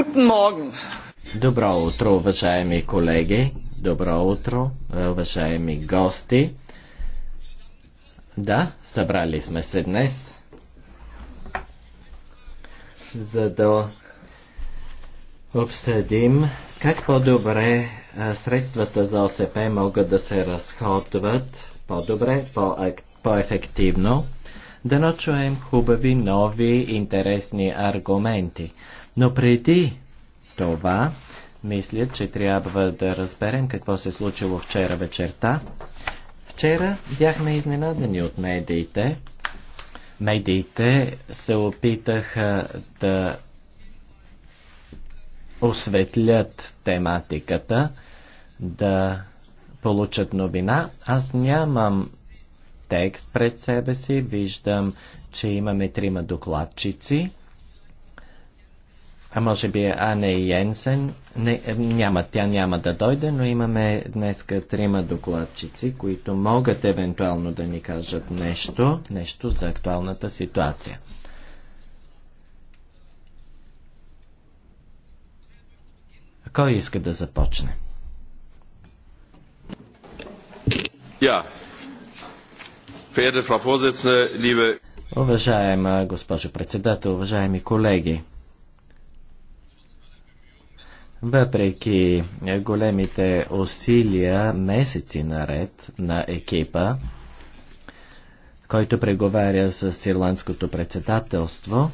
Guten Morgen. Добро утро, уважаеми колеги. Добро утро, е, уважаеми гости. Да, събрали сме се днес, за да обсъдим как по-добре е, средствата за ОСП могат да се разходват по-добре, по-ефективно. да но чуем хубави, нови, интересни аргументи. Но преди това, мисля, че трябва да разберем какво се е случило вчера вечерта. Вчера бяхме изненадани от медиите. Медиите се опитаха да осветлят тематиката, да получат новина. Аз нямам текст пред себе си, виждам, че имаме трима докладчици а може би Ане Енсен. Не, е, няма, тя няма да дойде, но имаме днеска трима докладчици, които могат евентуално да ни кажат нещо, нещо за актуалната ситуация. Кой иска да започне? Ja, Уважаема госпожо председател, уважаеми колеги, въпреки големите усилия месеци наред на екипа, който преговаря с ирландското председателство,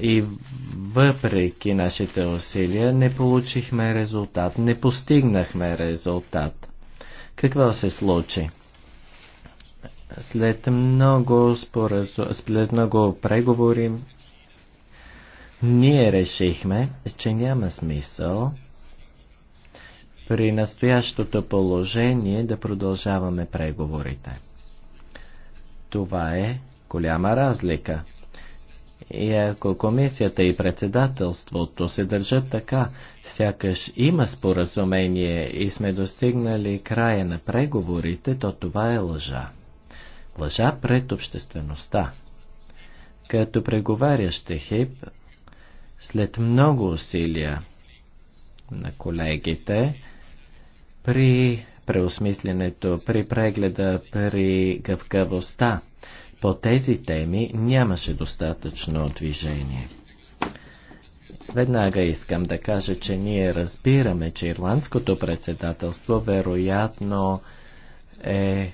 и въпреки нашите усилия не получихме резултат, не постигнахме резултат. Какво се случи? След много, споразу... След много преговори ние решихме, че няма смисъл при настоящото положение да продължаваме преговорите. Това е голяма разлика. И ако комисията и председателството се държат така, сякаш има споразумение и сме достигнали края на преговорите, то това е лъжа. Лъжа пред обществеността. Като преговарящ хип, след много усилия на колегите, при преосмисленето, при прегледа, при гъвкавостта, по тези теми нямаше достатъчно движение. Веднага искам да кажа, че ние разбираме, че ирландското председателство вероятно е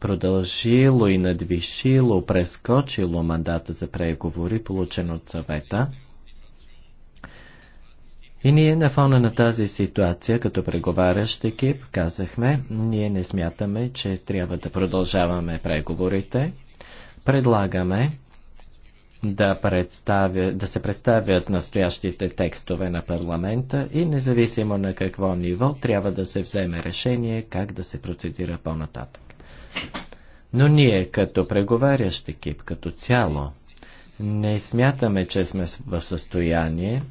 продължило и надвишило, прескочило мандата за преговори, получен от съвета – и ние на фона на тази ситуация, като преговарящ екип, казахме, ние не смятаме, че трябва да продължаваме преговорите. Предлагаме да, представя, да се представят настоящите текстове на парламента и независимо на какво ниво трябва да се вземе решение как да се процедира по-нататък. Но ние като преговарящ екип, като цяло, не смятаме, че сме в състояние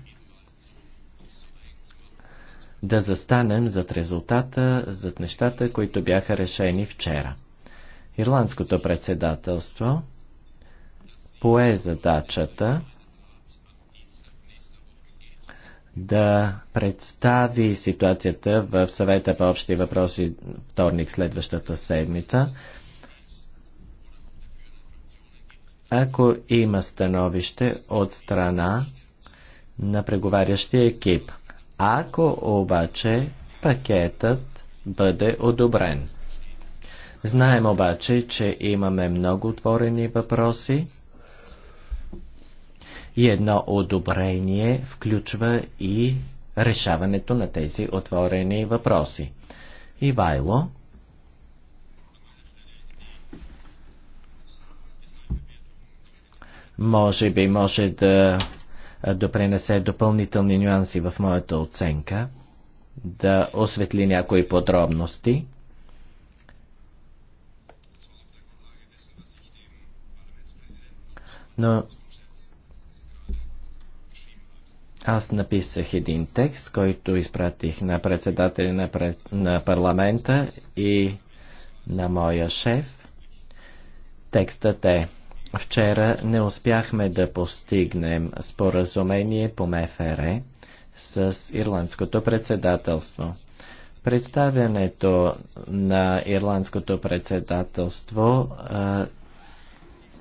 да застанем зад резултата, зад нещата, които бяха решени вчера. Ирландското председателство пое задачата да представи ситуацията в съвета по общи въпроси вторник следващата седмица. Ако има становище от страна на преговарящия екип ако обаче пакетът бъде одобрен. Знаем обаче, че имаме много отворени въпроси и едно одобрение включва и решаването на тези отворени въпроси. Ивайло. Може би може да допренесе допълнителни нюанси в моята оценка, да осветли някои подробности. Но аз написах един текст, който изпратих на председателя на, пред... на парламента и на моя шеф. Текстът е Вчера не успяхме да постигнем споразумение по МФР с Ирландското председателство. Представянето на Ирландското председателство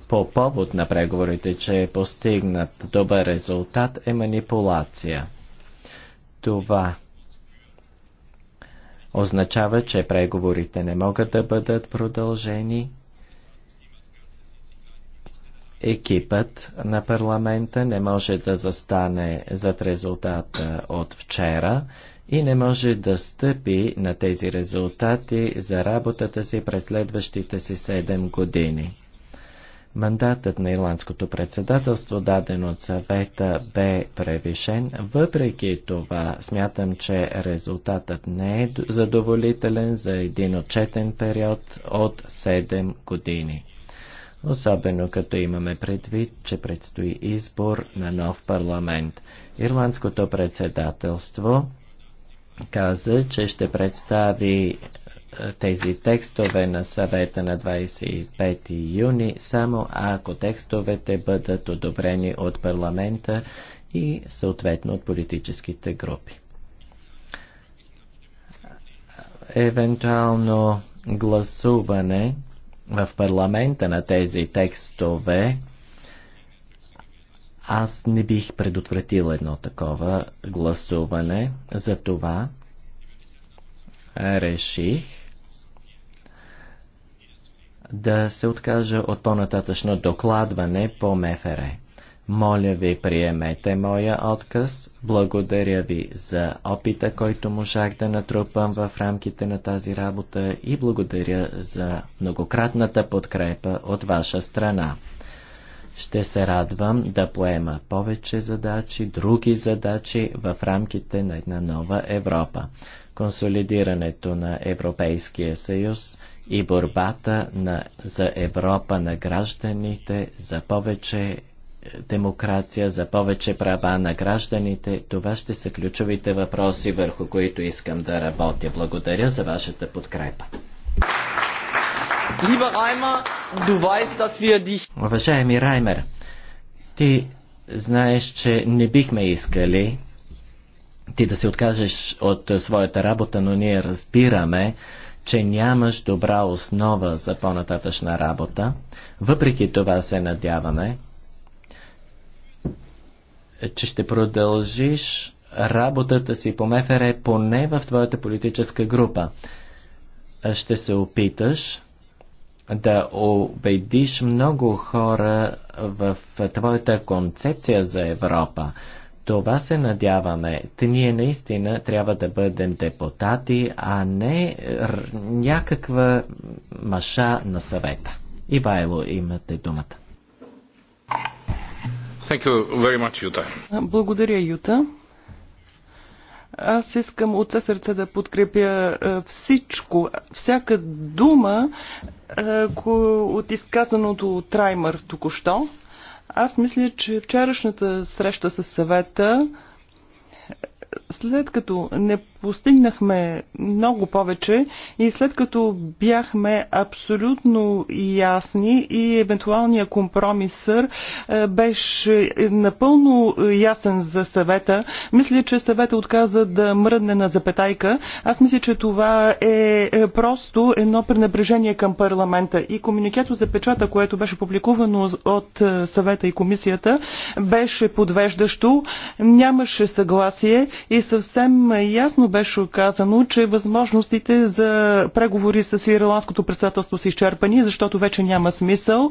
по повод на преговорите, че е постигнат добър резултат, е манипулация. Това означава, че преговорите не могат да бъдат продължени екипът на парламента не може да застане зад резултата от вчера и не може да стъпи на тези резултати за работата си през следващите си 7 години. Мандатът на ирландското председателство, даден от съвета, бе превишен. Въпреки това, смятам, че резултатът не е задоволителен за един отчетен период от 7 години особено като имаме предвид, че предстои избор на нов парламент. Ирландското председателство каза, че ще представи е, тези текстове на съвета на 25 юни, само ако текстовете бъдат одобрени от парламента и съответно от политическите групи. Евентуално гласуване в парламента на тези текстове, аз не бих предотвратил едно такова гласуване, за това реших да се откажа от по-нататъчно докладване по МФР. Моля ви, приемете моя отказ. Благодаря ви за опита, който можах да натрупам в рамките на тази работа и благодаря за многократната подкрепа от ваша страна. Ще се радвам да поема повече задачи, други задачи в рамките на една нова Европа. Консолидирането на Европейския съюз и борбата на, за Европа на гражданите за повече демокрация, за повече права на гражданите. Това ще са ключовите въпроси, върху които искам да работя. Благодаря за вашата подкрепа. Уважаеми Раймер, ти знаеш, че не бихме искали ти да се откажеш от своята работа, но ние разбираме, че нямаш добра основа за по-нататъчна работа. Въпреки това се надяваме, е, че ще продължиш работата си по МФР поне в твоята политическа група. Ще се опиташ да убедиш много хора в твоята концепция за Европа. Това се надяваме. Те ние наистина трябва да бъдем депутати, а не някаква маша на съвета. Ивайло, имате думата. Thank you very much, Юта. Благодаря, Юта. Аз искам от все сърце да подкрепя е, всичко, всяка дума е, от изказаното от Траймър току-що. Аз мисля, че вчерашната среща с съвета, е, след като не постигнахме много повече и след като бяхме абсолютно ясни и евентуалния компромисър е, беше напълно ясен за съвета. Мисля, че съвета отказа да мръдне на запетайка. Аз мисля, че това е, е просто едно пренебрежение към парламента. И комуникето за печата, което беше публикувано от е, съвета и комисията, беше подвеждащо. Нямаше съгласие и съвсем ясно беше казано, че възможностите за преговори с ирландското председателство са изчерпани, защото вече няма смисъл.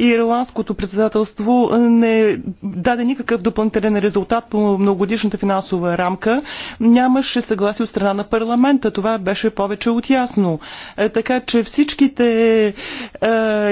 Ирландското председателство не даде никакъв допълнителен резултат по многогодишната финансова рамка. Нямаше съгласие от страна на парламента. Това беше повече от ясно. Е, така че всичките е,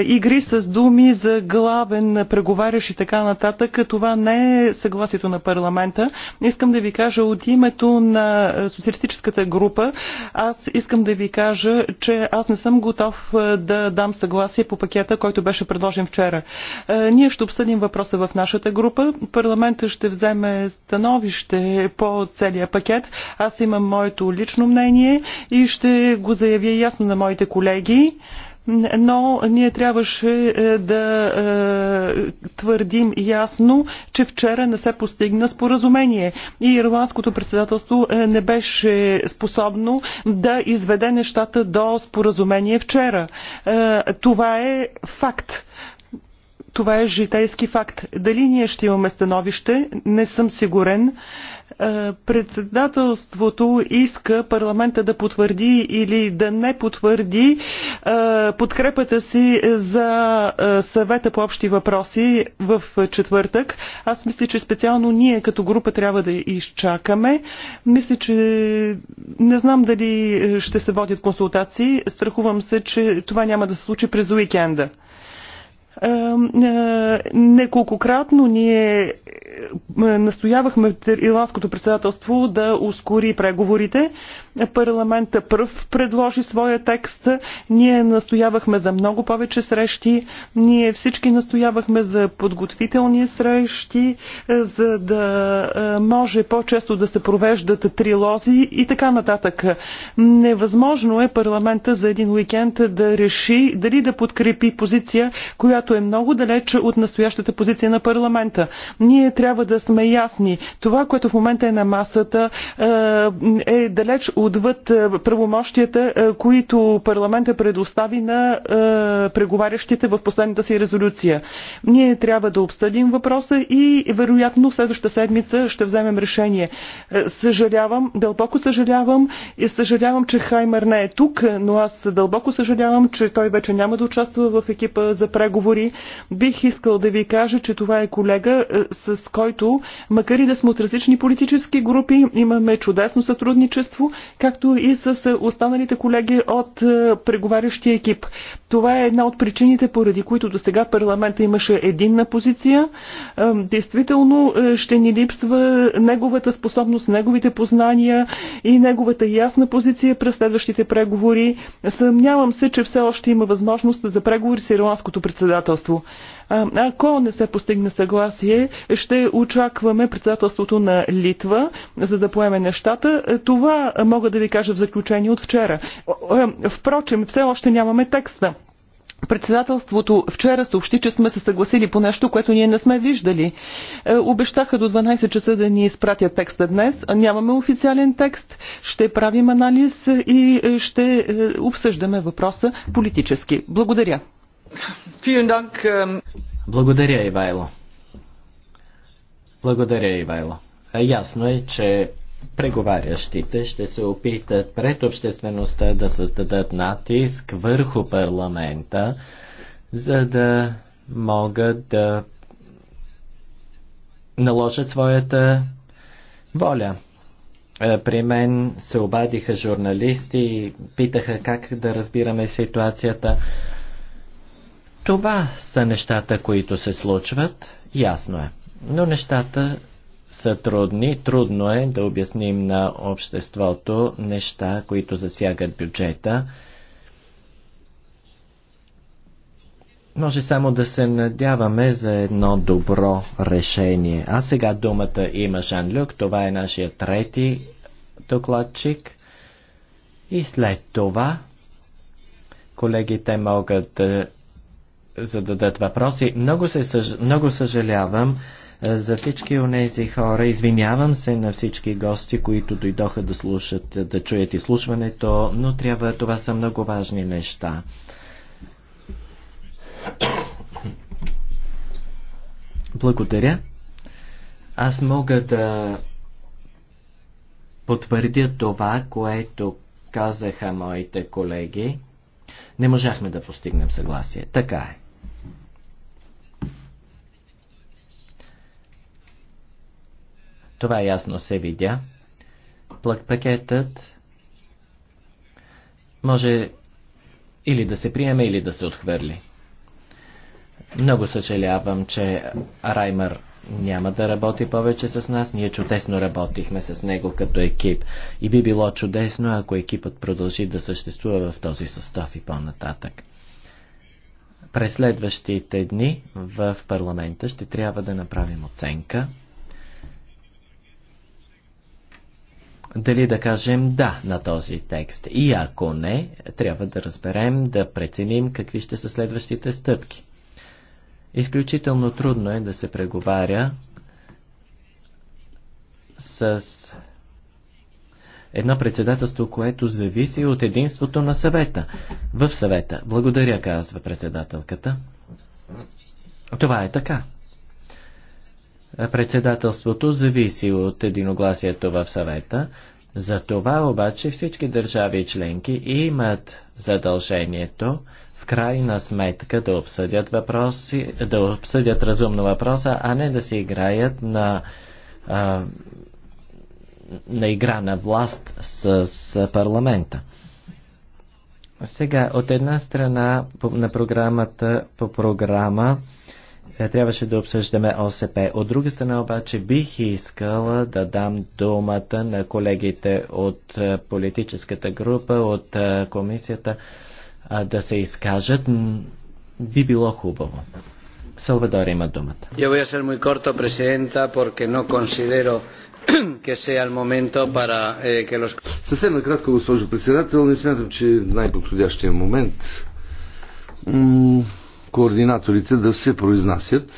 игри с думи за главен преговарящ и така нататък, това не е съгласието на парламента. Искам да ви кажа от името на социалистите социалистическата група, аз искам да ви кажа, че аз не съм готов е, да дам съгласие по пакета, който беше предложен вчера. Е, ние ще обсъдим въпроса в нашата група. Парламента ще вземе становище по целия пакет. Аз имам моето лично мнение и ще го заявя ясно на моите колеги но ние трябваше е, да е, твърдим ясно, че вчера не се постигна споразумение и ирландското председателство е, не беше способно да изведе нещата до споразумение вчера. Това е факт. Това е житейски факт. Дали ние ще имаме становище, не съм сигурен. Е, председателството иска парламента да потвърди или да не потвърди е, подкрепата си за е, съвета по общи въпроси в четвъртък. Аз мисля, че специално ние като група трябва да изчакаме. Мисля, че не знам дали ще се водят консултации. Страхувам се, че това няма да се случи през уикенда. Неколкократно ние е, настоявахме ирландското председателство да ускори преговорите. Парламента пръв предложи своя текст. Ние настоявахме за много повече срещи. Ние всички настоявахме за подготвителни срещи, е, за да е, може по-често да се провеждат трилози и така нататък. Невъзможно е парламента за един уикенд да реши дали да подкрепи позиция, която е много далеч от настоящата позиция на парламента. Ние трябва да сме ясни. Това, което в момента е на масата, е, е далеч отвъд е, правомощията, е, които парламента предостави на е, преговарящите в последната си резолюция. Ние трябва да обсъдим въпроса и вероятно следващата седмица ще вземем решение. Съжалявам, дълбоко съжалявам и съжалявам, че Хаймер не е тук, но аз дълбоко съжалявам, че той вече няма да участва в екипа за преговори. Бих искал да ви кажа, че това е колега, с който, макар и да сме от различни политически групи, имаме чудесно сътрудничество както и с е, останалите колеги от е, преговарящия екип. Това е една от причините, поради които до сега парламента имаше единна позиция. Е, действително ще ни липсва неговата способност, неговите познания и неговата ясна позиция през следващите преговори. Съмнявам се, че все още има възможност за преговори с ирландското председателство. Ако не се постигне съгласие, ще очакваме председателството на Литва, за да поеме нещата. Е, това мога да ви кажа в заключение от вчера. Е, впрочем, все още нямаме текста. Председателството вчера съобщи, че сме се съгласили по нещо, което ние не сме виждали. Е, обещаха до 12 часа да ни изпратят текста днес. Нямаме официален текст. Ще правим анализ и ще обсъждаме въпроса политически. Благодаря. Ähm, Благодаря, Ивайло. Благодаря, Ивайло. Ясно е, че преговарящите ще се опитат пред обществеността да създадат натиск върху парламента, за да могат да наложат своята воля. При мен се обадиха журналисти и питаха как да разбираме ситуацията. Това са нещата, които се случват, ясно е. Но нещата са трудни. Трудно е да обясним на обществото неща, които засягат бюджета. Може само да се надяваме за едно добро решение. А сега думата има Жан Люк. Това е нашия трети докладчик. И след това колегите могат да зададат въпроси. Много, се, съж... много съжалявам е, за всички тези хора. Извинявам се на всички гости, които дойдоха да слушат, е, да чуят изслушването, но трябва, това са много важни неща. Благодаря. Аз мога да потвърдя това, което казаха моите колеги. Не можахме да постигнем съгласие. Така е. Това ясно се видя. Плък пакетът може или да се приеме, или да се отхвърли. Много съжалявам, че Раймър няма да работи повече с нас. Ние чудесно работихме с него като екип. И би било чудесно, ако екипът продължи да съществува в този състав и по-нататък. През следващите дни в парламента ще трябва да направим оценка дали да кажем да на този текст. И ако не, трябва да разберем, да преценим какви ще са следващите стъпки. Изключително трудно е да се преговаря с едно председателство, което зависи от единството на съвета. В съвета. Благодаря, казва председателката. Това е така. Председателството зависи от единогласието в съвета. За това обаче всички държави членки имат задължението в крайна сметка да обсъдят въпроси, да обсъдят разумно въпроса, а не да се играят на, а, на игра на власт с, с парламента. Сега, от една страна на програмата по програма е, трябваше да обсъждаме ОСП. От друга страна обаче бих искала да дам думата на колегите от е, политическата група, от е, комисията да се изкажат. Би било хубаво. Салвадор има думата. Я voy a ser muy corto, presidenta, porque no considero que sea el momento para eh, que los... Съвсем накратко, госпожо председател, не смятам, че най-подходящия момент координаторите да се произнасят.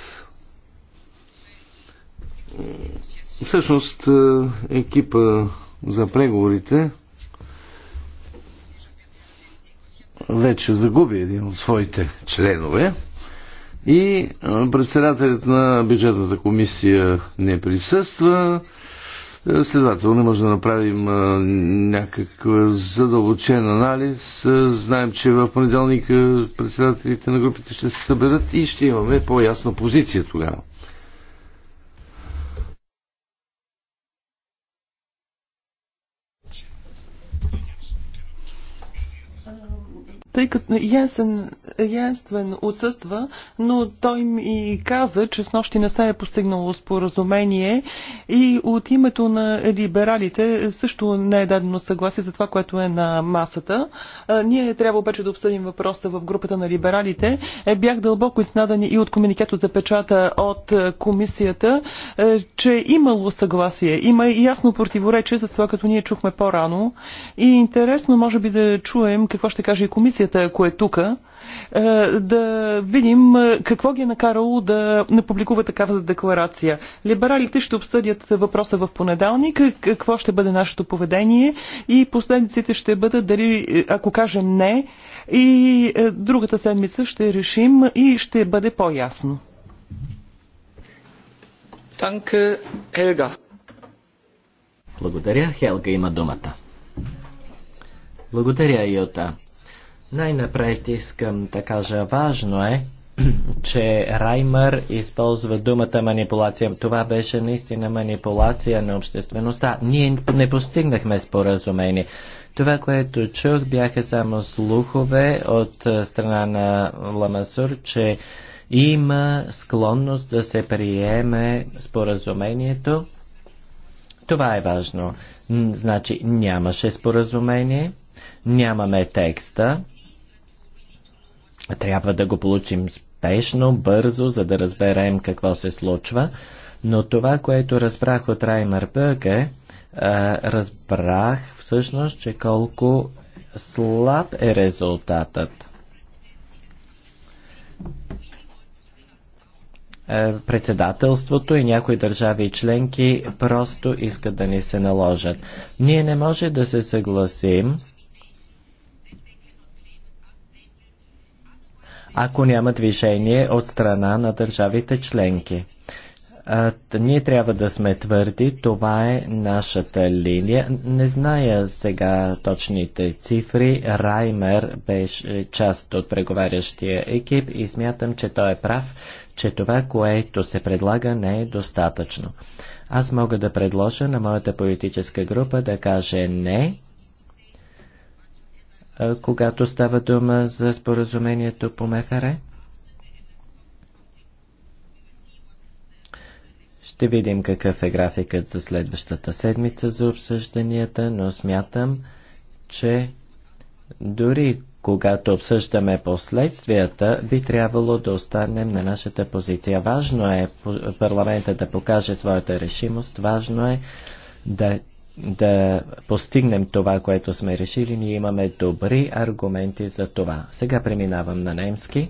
Всъщност е, екипа за преговорите вече загуби един от своите членове и е, председателят на бюджетната комисия не присъства. Следователно не може да направим някакъв задълбочен анализ. Знаем, че в понеделник председателите на групите ще се съберат и ще имаме по-ясна позиция тогава. тъй като ясен, ясен отсъства, но той ми каза, че с нощи не се е постигнало споразумение и от името на либералите също не е дадено съгласие за това, което е на масата. Ние трябва обаче да обсъдим въпроса в групата на либералите. Е, бях дълбоко изнадани и от комуникето за печата от е, комисията, е, че имало съгласие. Има и ясно противоречие за това, като ние чухме по-рано. И интересно може би да чуем какво ще каже и комисията комисията, ако е тук, е, да видим е, какво ги е накарало да не публикува такава декларация. Либералите ще обсъдят въпроса в понеделник, какво ще бъде нашето поведение и последиците ще бъдат дали, е, ако кажем не, и другата седмица ще решим и ще бъде по-ясно. Танка Хелга. Благодаря. Хелга има думата. Благодаря, Йота. Най-напред искам да кажа, важно е, че Раймър използва думата манипулация. Това беше наистина манипулация на обществеността. Ние не постигнахме споразумение. Това, което чух, бяха само слухове от страна на Ламасур, че има склонност да се приеме споразумението. Това е важно. Значи нямаше споразумение, нямаме текста, трябва да го получим спешно, бързо, за да разберем какво се случва. Но това, което разбрах от Раймер Бърге, е, разбрах всъщност, че колко слаб е резултатът. Е, председателството и някои държави и членки просто искат да ни се наложат. Ние не може да се съгласим ако няма движение от страна на държавите членки. А, ние трябва да сме твърди, това е нашата линия. Не зная сега точните цифри. Раймер беше част от преговарящия екип и смятам, че той е прав, че това, което се предлага, не е достатъчно. Аз мога да предложа на моята политическа група да каже не когато става дума за споразумението по Мехаре? Ще видим какъв е графикът за следващата седмица за обсъжданията, но смятам, че дори когато обсъждаме последствията, би трябвало да останем на нашата позиция. Важно е парламента да покаже своята решимост, важно е да да постигнем това, което сме решили. Ние имаме добри аргументи за това. Сега преминавам на немски.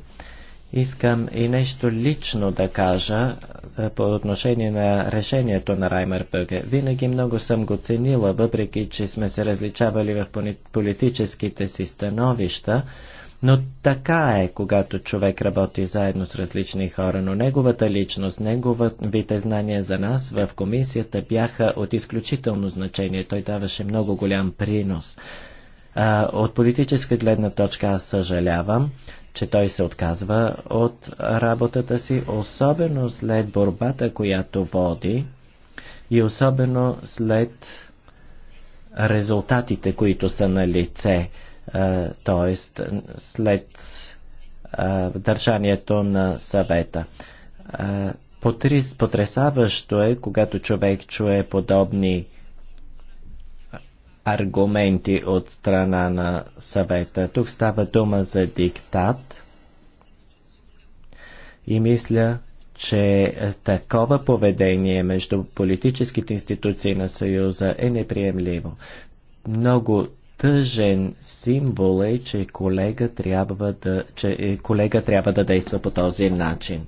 Искам и нещо лично да кажа е, по отношение на решението на Раймер Пъге. Винаги много съм го ценила, въпреки че сме се различавали в политическите си становища. Но така е, когато човек работи заедно с различни хора, но неговата личност, неговите знания за нас в комисията бяха от изключително значение. Той даваше много голям принос. А, от политическа гледна точка аз съжалявам, че той се отказва от работата си, особено след борбата, която води и особено след резултатите, които са на лице т.е. след е, държанието на съвета. Е, потресаващо потрясаващо е, когато човек чуе подобни аргументи от страна на съвета. Тук става дума за диктат и мисля, че такова поведение между политическите институции на Съюза е неприемливо. Много тъжен символ е, че колега трябва да, че е, колега трябва да действа по този начин.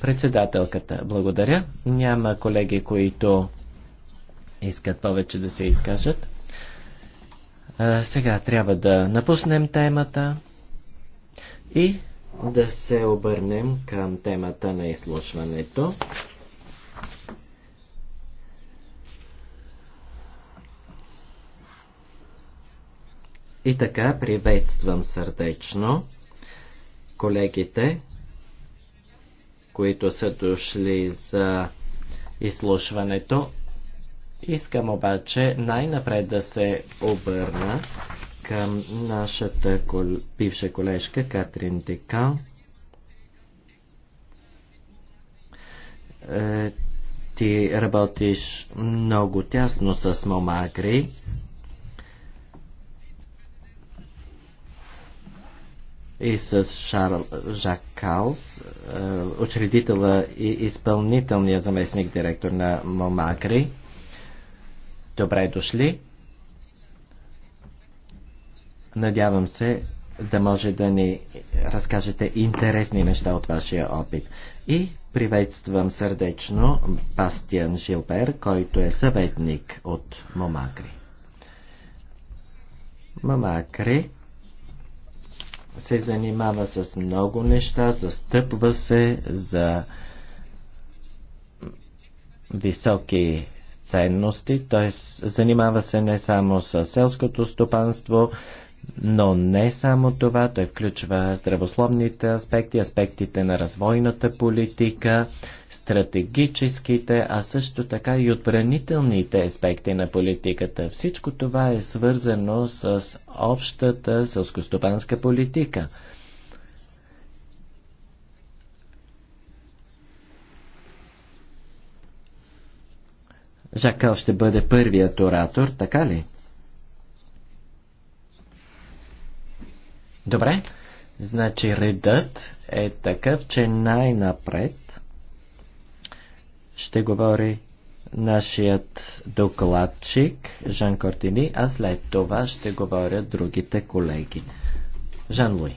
Председателката, благодаря. Няма колеги, които искат повече да се изкажат. А, сега трябва да напуснем темата и да се обърнем към темата на изслушването. И така приветствам сърдечно колегите, които са дошли за изслушването. Искам обаче най-напред да се обърна към нашата кол... бивша колежка Катрин Декан. Е, ти работиш много тясно с Момагри и с Шарл Жак Калс, е, учредителя и изпълнителния заместник директор на МОМАКри. Добре дошли! Надявам се да може да ни разкажете интересни неща от вашия опит. И приветствам сърдечно Бастиан Жилбер, който е съветник от Момакри. Мамакри се занимава с много неща, застъпва се за високи ценности, т.е. занимава се не само с селското стопанство, но не само това, той включва здравословните аспекти, аспектите на развойната политика, стратегическите, а също така и отбранителните аспекти на политиката. Всичко това е свързано с общата сълскостопанска политика. Жакал ще бъде първият оратор, така ли? Добре, значи редът е такъв, че най-напред ще говори нашият докладчик Жан Кортини, а след това ще говорят другите колеги. Жан Луи.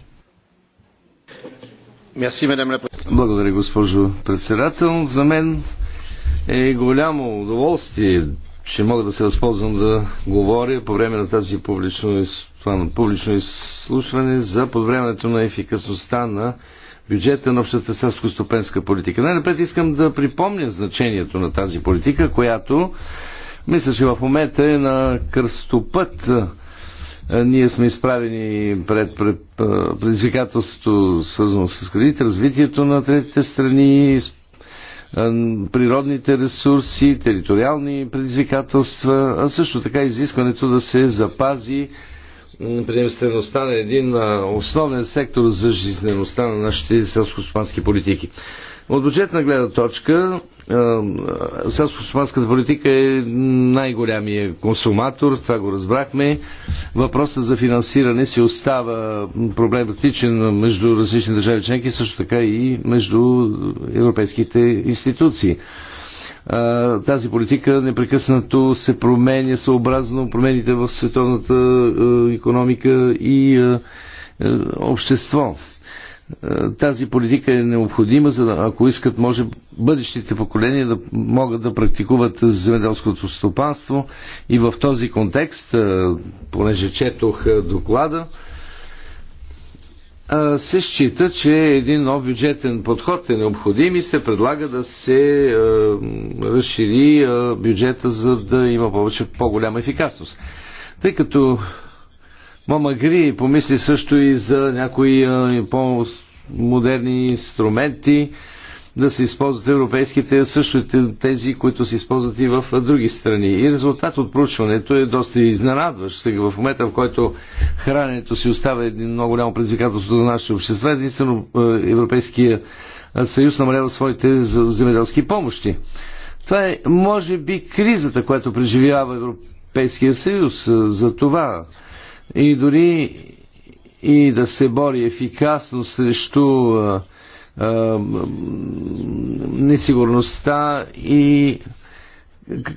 Благодаря, госпожо председател. За мен е голямо удоволствие ще мога да се възползвам да говоря по време на тази публично, това, публично изслушване за подобряването на ефикасността на бюджета на общата селско ступенска политика. Най-напред искам да припомня значението на тази политика, която мисля, че в момента е на кръстопът. Ние сме изправени пред предизвикателството, свързано с кредит, развитието на третите страни, природните ресурси, териториални предизвикателства, а също така изискването да се запази приемствеността на един основен сектор за жизнеността на нашите селско-стопански политики. От бюджетна гледна точка е, е, е, селско-стопанската политика е най-голямия консуматор, това го разбрахме. Въпросът за финансиране си остава проблематичен между различни държави членки, също така и между европейските институции тази политика непрекъснато се променя съобразно промените в световната економика и общество тази политика е необходима, за да, ако искат, може бъдещите поколения да могат да практикуват земеделското стопанство. И в този контекст, понеже четох доклада, се счита, че един нов бюджетен подход е необходим и се предлага да се разшири бюджета, за да има повече по-голяма ефикасност. Тъй като Мама Гри помисли също и за някои по-модерни инструменти, да се използват европейските, също и тези, които се използват и в други страни. И резултат от проучването е доста изненадващ. Сега в момента, в който храненето си оставя един много голямо предизвикателство на нашите общества, единствено Европейския съюз намалява своите земеделски помощи. Това е, може би, кризата, която преживява Европейския съюз. За това и дори и да се бори ефикасно срещу а, а, несигурността и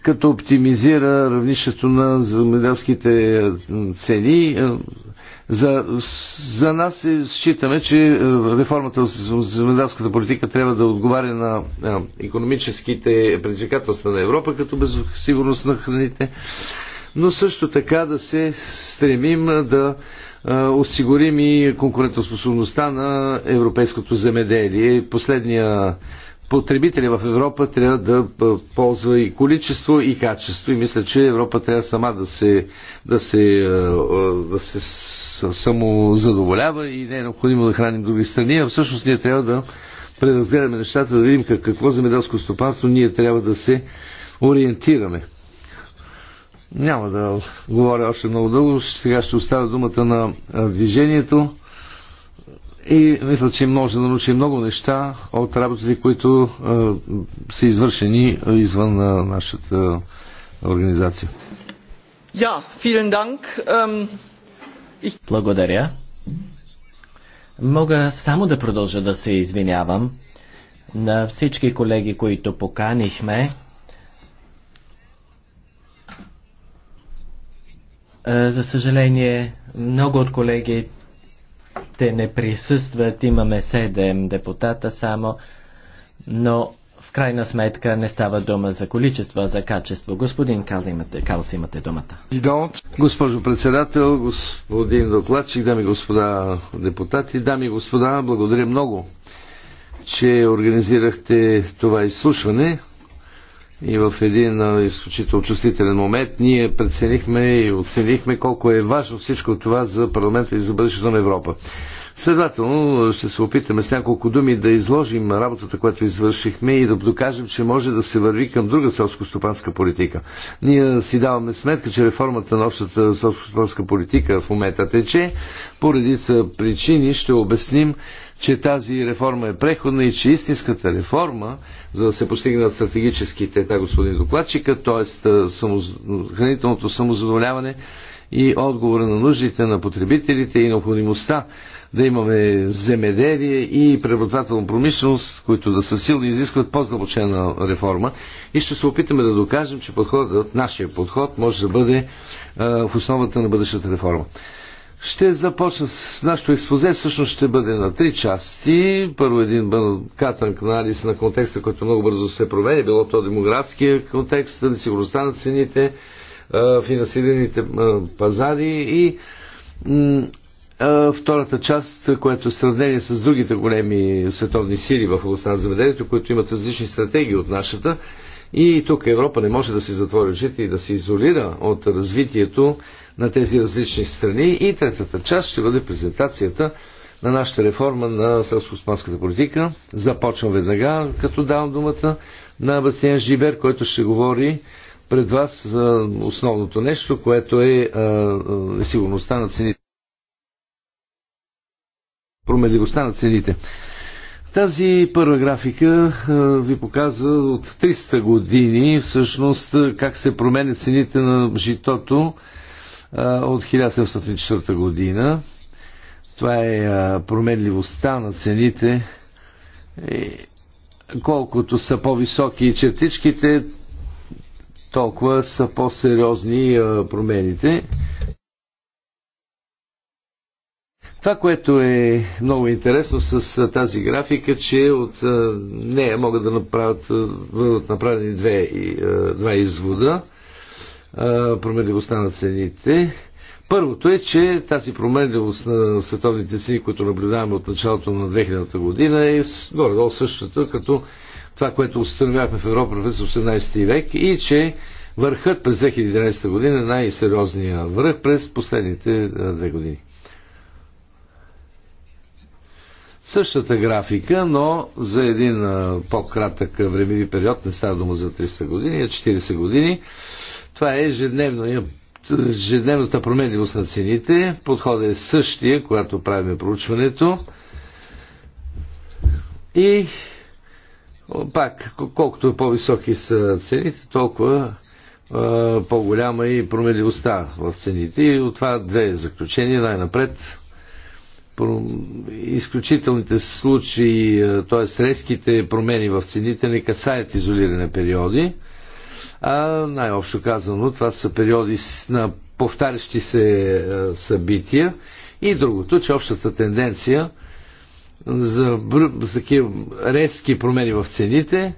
като оптимизира равнището на земеделските цени. За, за нас е, считаме, че реформата в земеделската политика трябва да отговаря на економическите предизвикателства на Европа, като безсигурност на храните но също така да се стремим да осигурим и конкурентоспособността на европейското земеделие. Последния потребители в Европа трябва да ползва и количество, и качество. И мисля, че Европа трябва сама да се, да се, да се самозадоволява и не е необходимо да храним други страни, а всъщност ние трябва да преразгледаме нещата, да видим какво земеделско стопанство ние трябва да се ориентираме. Няма да говоря още много дълго. Сега ще оставя думата на движението. И мисля, че може да научи много неща от работите, които е, са извършени извън е, нашата организация. Ja, vielen Dank. Ähm, ich... Благодаря. Мога само да продължа да се извинявам на всички колеги, които поканихме Е, за съжаление, много от колегите не присъстват. Имаме седем депутата само, но в крайна сметка не става дума за количество, а за качество. Господин Кал, имате, Калс, имате думата. Госпожо председател, господин докладчик, дами и господа депутати, дами и господа, благодаря много, че организирахте това изслушване. И в един изключително чувствителен момент ние преценихме и оценихме колко е важно всичко това за парламента и за бъдещето на Европа. Следователно ще се опитаме с няколко думи да изложим работата, която извършихме и да докажем, че може да се върви към друга селско-стопанска политика. Ние си даваме сметка, че реформата на общата селско-стопанска политика в момента тече. По редица причини ще обясним че тази реформа е преходна и че истинската реформа, за да се постигнат стратегическите, така господин докладчика, т.е. хранителното самозадоволяване и отговора на нуждите на потребителите и необходимостта да имаме земеделие и преработвателна промишленост, които да са силни, изискват по-задълбочена реформа. И ще се опитаме да докажем, че подходът, нашия подход може да бъде а, в основата на бъдещата реформа. Ще започна с нашото експозе, всъщност ще бъде на три части. Първо един катънк анализ на контекста, който много бързо се проведе, било то демографския контекст, несигурността нали, на цените, финансираните пазари и втората част, което е сравнение с другите големи световни сили в областта на заведението, които имат различни стратегии от нашата. И тук Европа не може да си затвори очите и да се изолира от развитието на тези различни страни. И третата част ще бъде презентацията на нашата реформа на селско-османската политика. Започвам веднага, като давам думата на Бастиен Жибер, който ще говори пред вас за основното нещо, което е несигурността на цените. Промедливостта на цените. Тази първа графика ви показва от 300 години всъщност как се променят цените на житото от 1704 година. Това е променливостта на цените. Колкото са по-високи чертичките, толкова са по-сериозни промените. Това, което е много интересно с тази графика, че от нея могат да направят, бъдат направени две, два извода променливостта на цените. Първото е, че тази променливост на световните цени, които наблюдаваме от началото на 2000-та година, е горе-долу същата, като това, което установявахме в Европа през 18 век и че върхът през 2011 година е най-сериозният върх през последните две години. Същата графика, но за един по-кратък времеви период, не става дума за 300 години, а 40 години, това е ежедневно, ежедневната променливост на цените. Подходът е същия, когато правим проучването. И пак, колкото по-високи са цените, толкова по-голяма е и променливостта в цените. И от това две заключения. Най-напред изключителните случаи, т.е. резките промени в цените не касаят изолирани периоди а най-общо казано това са периоди на повтарящи се събития и другото, че общата тенденция за, за такива резки промени в цените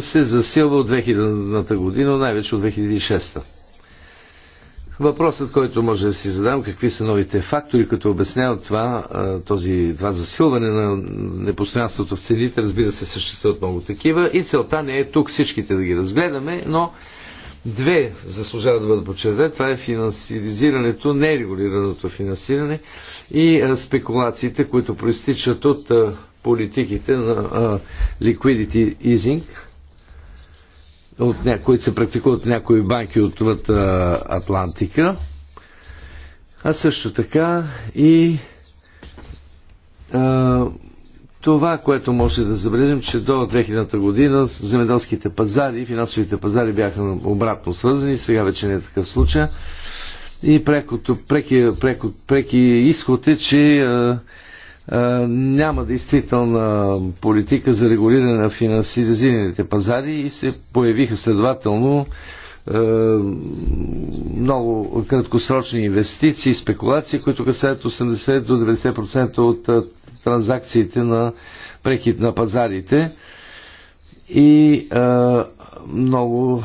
се засилва от 2000-та година, най-вече от 2006-та. Въпросът, който може да си задам, какви са новите фактори, като обясняват това, този, това засилване на непостоянството в цените, разбира се, съществуват много такива и целта не е тук всичките да ги разгледаме, но две заслужават да бъдат подчертани. Това е финансиризирането, нерегулираното финансиране и спекулациите, които проистичат от политиките на ликвидити изинг от ня... които се практикуват от някои банки отвъд а, Атлантика, а също така и а, това, което може да забележим, че до 2000 година земеделските пазари, финансовите пазари бяха обратно свързани, сега вече не е такъв случай. И прекото, преки, преки, преки изход е, че а, няма действителна политика за регулиране на финансиризираните пазари и се появиха следователно много краткосрочни инвестиции, спекулации, които касаят 80 до 90% от транзакциите на прехит на пазарите и а, много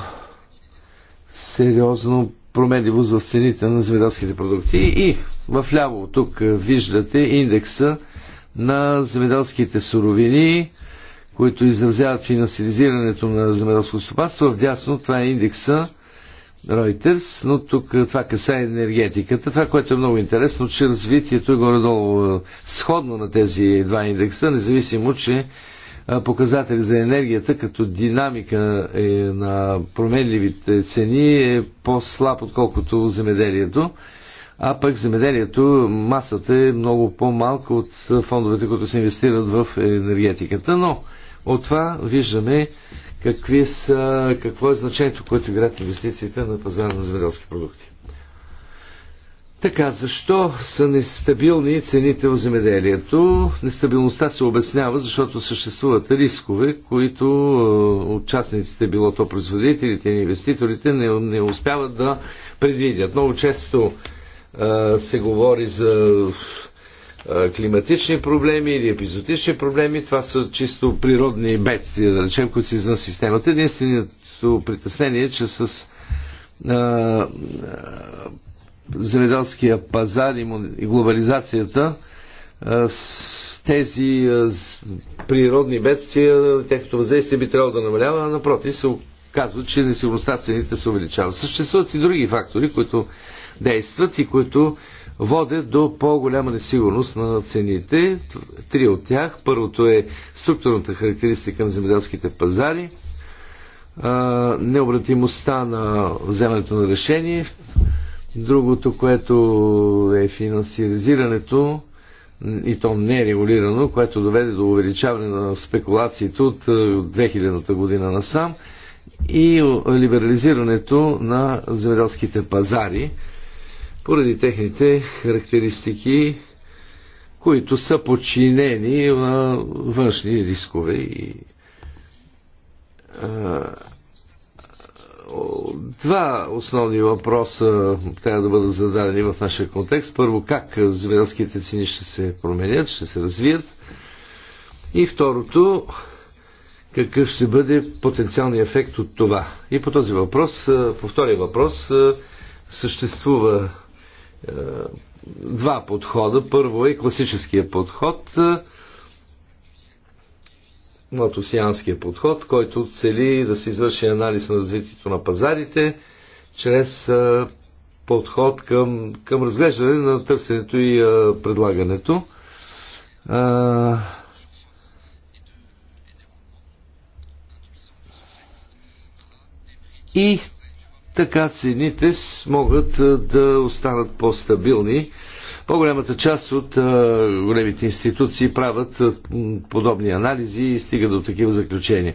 сериозно променливост в цените на земеделските продукти. И в ляво тук виждате индекса на земеделските суровини, които изразяват финансиризирането на земеделско стопанство. Вдясно това е индекса Reuters, но тук е, това касае енергетиката. Това, което е много интересно, че развитието е горе-долу е, сходно на тези два индекса, независимо, че е, показатели за енергията като динамика на променливите цени е по-слаб, отколкото земеделието. А пък земеделието, масата е много по-малко от фондовете, които се инвестират в енергетиката. Но от това виждаме какви са, какво е значението, което играят инвестициите на пазара на земеделски продукти. Така, защо са нестабилни цените в земеделието? Нестабилността се обяснява, защото съществуват рискове, които участниците, е, било то производителите и инвеститорите, не, не успяват да предвидят. Много често се говори за климатични проблеми или епизодични проблеми. Това са чисто природни бедствия, да речем, които са извън системата. Единственото притеснение е, че с а, земеделския пазар и глобализацията а, с тези а, с природни бедствия, тяхното въздействие би трябвало да намалява, а напротив се оказва, че несигурността цените се увеличава. Съществуват и други фактори, които действат и които водят до по-голяма несигурност на цените. Три от тях. Първото е структурната характеристика на земеделските пазари, необратимостта на вземането на решение, другото, което е финансиризирането и то не е регулирано, което доведе до увеличаване на спекулациите от 2000-та година насам и либерализирането на земеделските пазари, поради техните характеристики, които са подчинени на външни рискове и два основни въпроса трябва да бъдат зададени в нашия контекст. Първо, как земеделските цени ще се променят, ще се развият. И второто, какъв ще бъде потенциалният ефект от това. И по този въпрос, по втория въпрос, съществува е, два подхода. Първо е класическия подход, е, латусианския подход, който цели да се извърши анализ на развитието на пазарите чрез е, подход към, към разглеждане на търсенето и предлагането. И така цените могат да останат по-стабилни. По-голямата част от големите институции правят подобни анализи и стигат до такива заключения.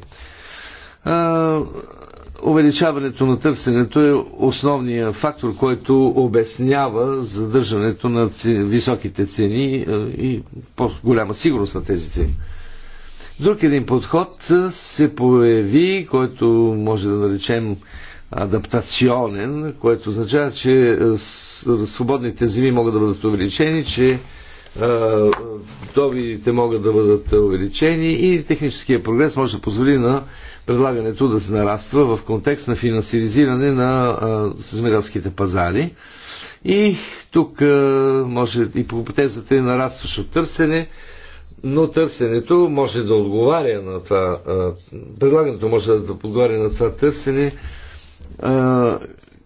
Увеличаването на търсенето е основният фактор, който обяснява задържането на високите цени и по-голяма сигурност на тези цени. Друг един подход се появи, който може да наречем адаптационен, което означава, че е, свободните земи могат да бъдат увеличени, че е, добивите могат да бъдат увеличени и техническия прогрес може да позволи на предлагането да се нараства в контекст на финансиризиране на е, земеделските пазари. И тук може и по хипотезата е нарастващо търсене, но търсенето може да отговаря на това, предлагането може да отговаря на това търсене,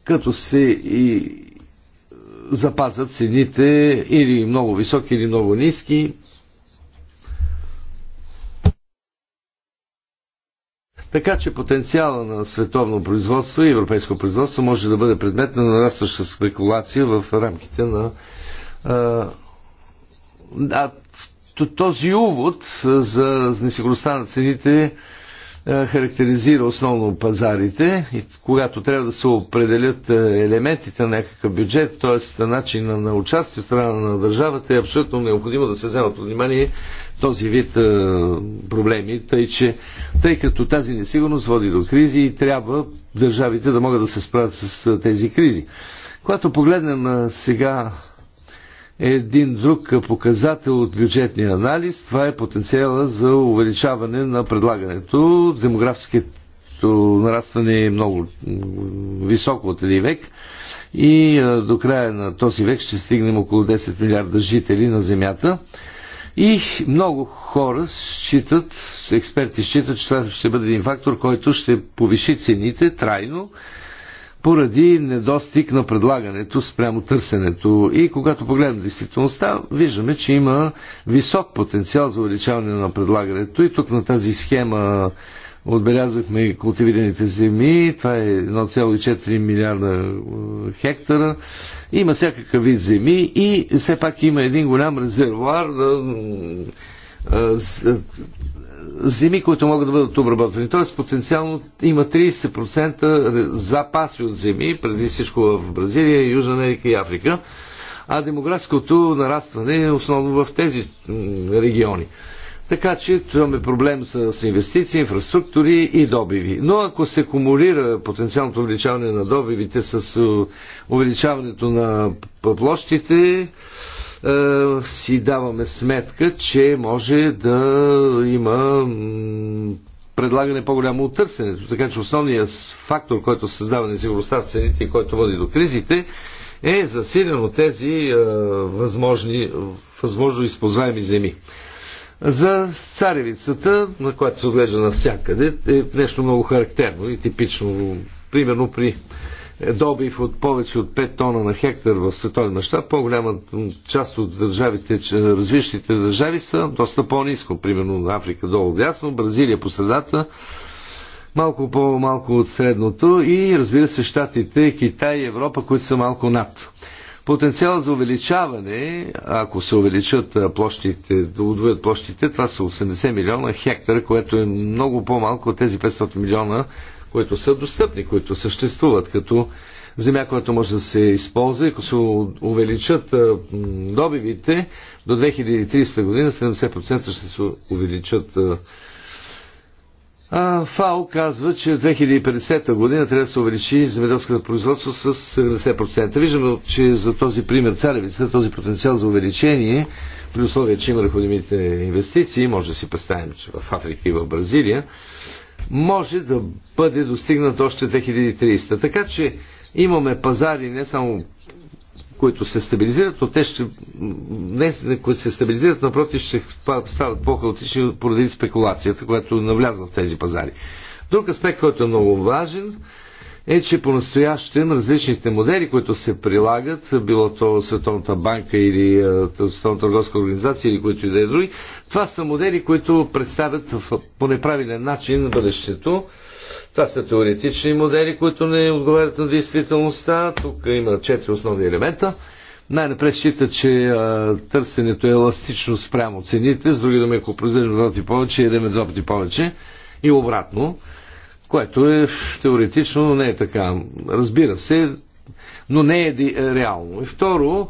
като се и запазят цените или много високи, или много ниски. Така че потенциала на световно производство и европейско производство може да бъде предмет на нарастваща спекулация в рамките на. А, този увод за несигурността на цените е, характеризира основно пазарите и когато трябва да се определят е, елементите на някакъв бюджет, т.е. начина на участие в страна на държавата, е абсолютно необходимо да се вземат внимание този вид е, проблеми, тъй, че, тъй като тази несигурност води до кризи и трябва държавите да могат да се справят с тези кризи. Когато погледнем сега един друг показател от бюджетния анализ. Това е потенциала за увеличаване на предлагането. Демографското нарастване е много високо от един век и до края на този век ще стигнем около 10 милиарда жители на Земята. И много хора считат, експерти считат, че това ще бъде един фактор, който ще повиши цените трайно поради недостиг на предлагането спрямо търсенето. И когато погледнем действителността, виждаме, че има висок потенциал за увеличаване на предлагането. И тук на тази схема отбелязахме култивираните земи, това е 1,4 милиарда е, хектара. Има всякакъв вид земи и все пак има един голям резервуар на земи, които могат да бъдат обработени, Тоест потенциално има 30% запаси от земи, преди всичко в Бразилия, Южна Америка и Африка, а демографското нарастване е основно в тези региони. Така че това имаме проблем с инвестиции, инфраструктури и добиви. Но ако се кумулира потенциалното увеличаване на добивите с увеличаването на площите, е, си даваме сметка, че може да има предлагане по-голямо от търсенето. Така че основният фактор, който създава несигурността в цените и който води до кризите, е засилен от тези е, възможни, възможно използваеми земи. За царевицата, на която се отглежда навсякъде, е нещо много характерно и типично. Примерно при е, добив от повече от 5 тона на хектар в световен мащаб, по-голяма част от държавите, развиващите държави са доста по-низко. Примерно Африка долу дясно, Бразилия по средата, малко по-малко от средното и разбира се Штатите, Китай и Европа, които са малко над. Потенциал за увеличаване, ако се увеличат площите, да удвоят площите, това са 80 милиона хектара, което е много по-малко от тези 500 милиона които са достъпни, които съществуват като земя, която може да се използва. Ако се увеличат добивите до 2030 година, 70% ще се увеличат. ФАО казва, че в 2050 година трябва да се увеличи земеделското производство с 70%. Виждаме, че за този пример царевица, този потенциал за увеличение, при условие, че има необходимите инвестиции, може да си представим, че в Африка и в Бразилия, може да бъде достигнат още 2300. Така че имаме пазари не само които се стабилизират, но те ще не, които се стабилизират, напротив ще стават по-хаотични поради спекулацията, която навлязва в тези пазари. Друг аспект, който е много важен, е, че по-настоящем различните модели, които се прилагат, било то Световната банка или е, Световната търговска организация или които и да е други, това са модели, които представят по неправилен начин бъдещето. Това са теоретични модели, които не отговарят на действителността. Тук има четири основни елемента. Най-напред счита, че а, е, търсенето е еластично спрямо цените, с други думи, ако произведем два пъти повече, едеме два пъти повече и обратно което е теоретично, но не е така. Разбира се, но не е реално. И второ,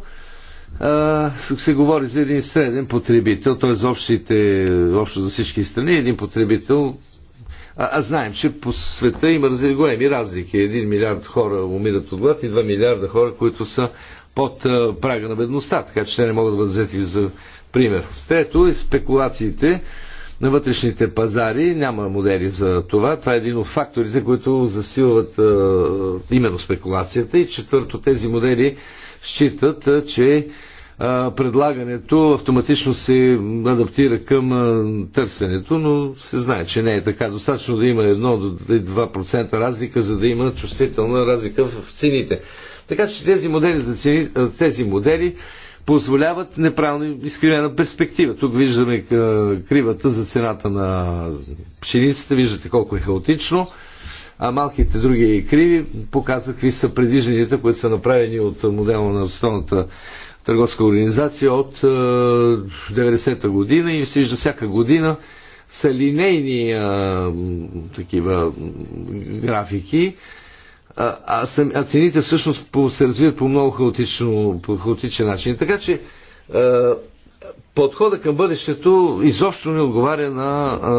се говори за един среден потребител, т.е. за общите, общо за всички страни, един потребител. А, а знаем, че по света има големи разлики. Един милиард хора умират от глад и два милиарда хора, които са под а, прага на бедността, така че те не могат да бъдат взети за пример. Стрето е спекулациите, на вътрешните пазари. Няма модели за това. Това е един от факторите, които засилват именно спекулацията. И четвърто, тези модели считат, че предлагането автоматично се адаптира към търсенето, но се знае, че не е така. Достатъчно да има 1 до 2% разлика, за да има чувствителна разлика в цените. Така че тези модели, за цени, тези модели позволяват неправилно изкривена перспектива. Тук виждаме е, кривата за цената на пшеницата, виждате колко е хаотично, а малките други криви показват какви са предвижданията, които са направени от модела на Световната търговска организация от 90-та е, година и се вижда всяка година са линейни а, е, такива графики а, а, а цените всъщност по, се развиват по много хаотично, по хаотичен начин. Така че а, подхода към бъдещето изобщо не отговаря на, а,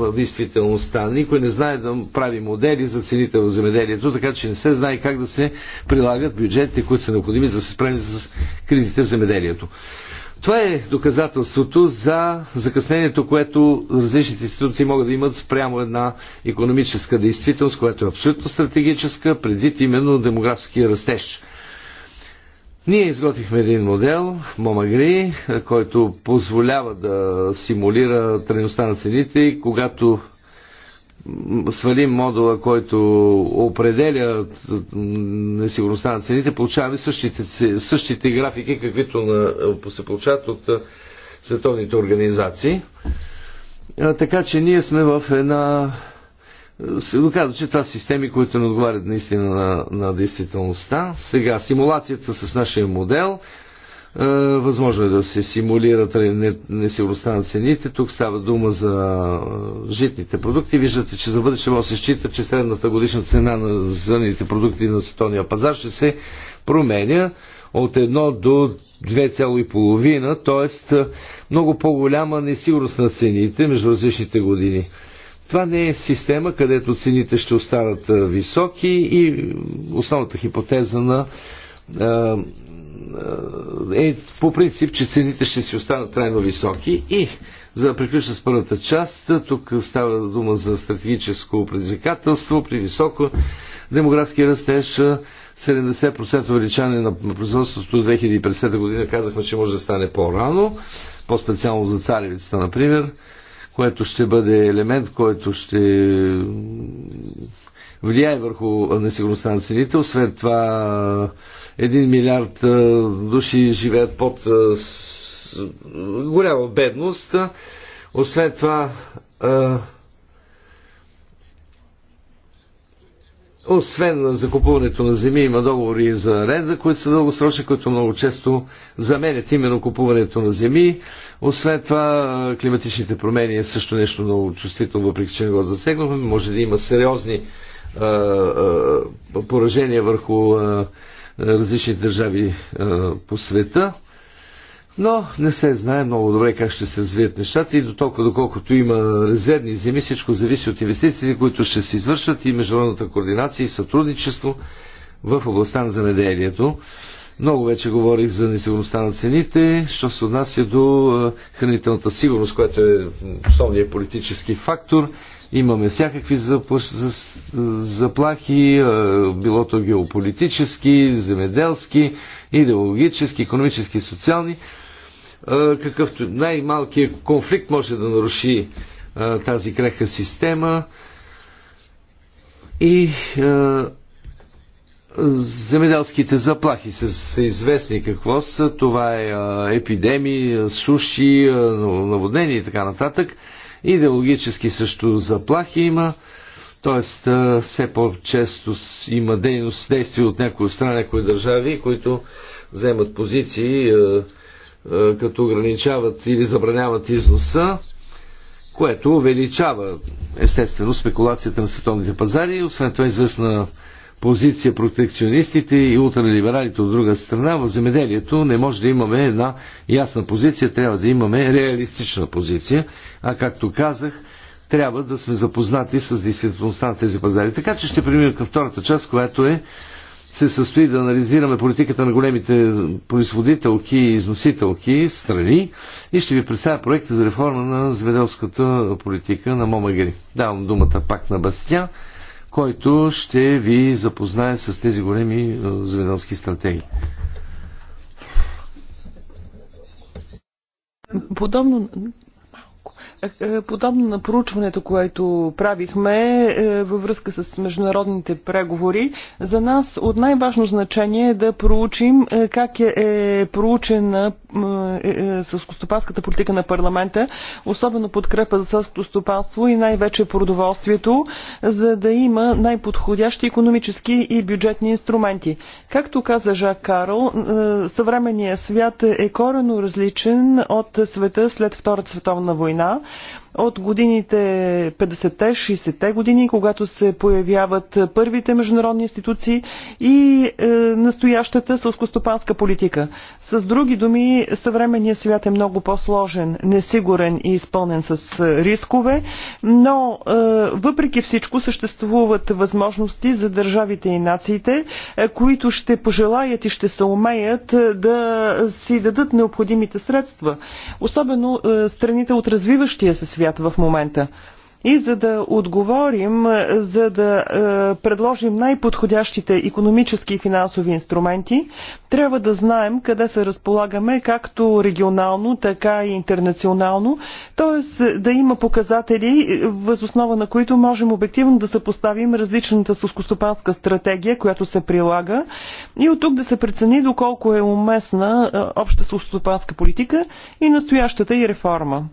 на действителността. Никой не знае да прави модели за цените в земеделието, така че не се знае как да се прилагат бюджетите, които са необходими за да се справим с кризите в земеделието. Това е доказателството за закъснението, което различните институции могат да имат спрямо една економическа действителност, която е абсолютно стратегическа, предвид именно демографския растеж. Ние изготвихме един модел, Момагри, който позволява да симулира трайността на цените, когато свалим модула, който определя несигурността на цените, получаваме същите, същите графики, каквито на, се получават от световните организации. Така че ние сме в една... Се доказва, че това са системи, които не отговарят наистина на, на действителността. Сега, симулацията с нашия модел – е, възможно е да се симулира несигурността на цените. Тук става дума за е, житните продукти. Виждате, че за бъдеще може се счита, че средната годишна цена на зърните продукти на световния пазар ще се променя от 1 до 2,5, т.е. много по-голяма несигурност на цените между различните години. Това не е система, където цените ще останат е, високи и основната хипотеза на е по принцип, че цените ще си останат трайно високи и за да приключа с първата част, тук става дума за стратегическо предизвикателство при високо демографски растеж, 70% увеличаване на производството в 2050 година казахме, че може да стане по-рано, по-специално за царевицата, например, което ще бъде елемент, който ще влияе върху несигурността на цените. Освен това, 1 милиард души живеят под голяма бедност. Освен това, освен за купуването на земи, има договори за аренда, които са дългосрочни, които много често заменят именно купуването на земи. Освен това, климатичните промени е също нещо много чувствително, въпреки че не го засегнахме. Може да има сериозни поражения върху различни държави по света. Но не се знае много добре как ще се развият нещата и до толкова доколкото има резервни земи, всичко зависи от инвестициите, които ще се извършват и международната координация и сътрудничество в областта на замеделието. Много вече говорих за несигурността на цените, що се отнася до хранителната сигурност, която е основният политически фактор Имаме всякакви заплахи, е, било то геополитически, земеделски, идеологически, економически, социални. Е, какъвто най-малкият конфликт може да наруши е, тази крехка система. И земеделските заплахи са, са известни какво са. Това е епидемии, суши, наводнения и така нататък. Идеологически също заплахи има, т.е. все по-често има дейност, действия от някои страна, някои държави, които вземат позиции, като ограничават или забраняват износа, което увеличава естествено спекулацията на световните пазари. Освен това известна позиция протекционистите и ултралибералите от друга страна, в земеделието не може да имаме една ясна позиция, трябва да имаме реалистична позиция, а както казах, трябва да сме запознати с действителността на тези пазари. Така че ще преминем към втората част, която е се състои да анализираме политиката на големите производителки и износителки страни и ще ви представя проекта за реформа на зведелската политика на Момагери. Давам думата пак на Бастя който ще ви запознае с тези големи е, земеделски стратегии. Подобно е, е, подобно на проучването, което правихме е, във връзка с международните преговори, за нас от най-важно значение е да проучим как е проучена сълскостопанската политика на парламента, особено подкрепа за сълското стопанство и най-вече продоволствието, за да има най-подходящи економически и бюджетни инструменти. Както каза Жак Карл, съвременният свят е корено различен от света след Втората световна война от годините 50-те, 60-те години, когато се появяват първите международни институции и е, настоящата сълскостопанска политика. С други думи, съвременният свят е много по-сложен, несигурен и изпълнен с е, рискове, но е, въпреки всичко съществуват възможности за държавите и нациите, е, които ще пожелаят и ще се умеят е, да си дадат необходимите средства. Особено е, страните от развиващия се свят свят в момента. И за да отговорим, за да е, предложим най-подходящите економически и финансови инструменти, трябва да знаем къде се разполагаме, както регионално, така и интернационално, т.е. да има показатели, възоснова на които можем обективно да съпоставим различната сълскостопанска стратегия, която се прилага и от тук да се прецени доколко е уместна е, обща сълскостопанска политика и настоящата и реформа.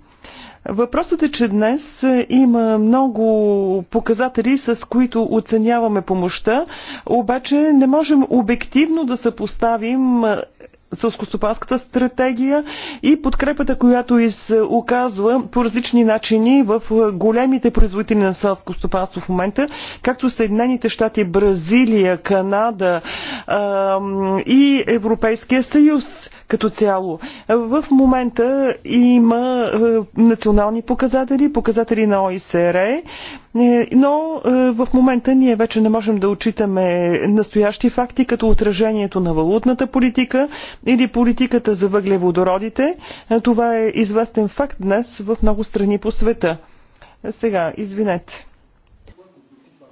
Въпросът е, че днес има много показатели, с които оценяваме помощта, обаче не можем обективно да съпоставим сълскостопанската стратегия и подкрепата, която се оказва по различни начини в е, големите производители на сълскостопанство стопанство в момента, както Съединените щати, Бразилия, Канада а, и Европейския съюз като цяло. В момента има е, национални показатели, показатели на ОИСР, е, но в момента ние вече не можем да отчитаме настоящи факти, като отражението на валутната политика, или политиката за въглеводородите. Е, това е известен факт днес в много страни по света. Е, сега, извинете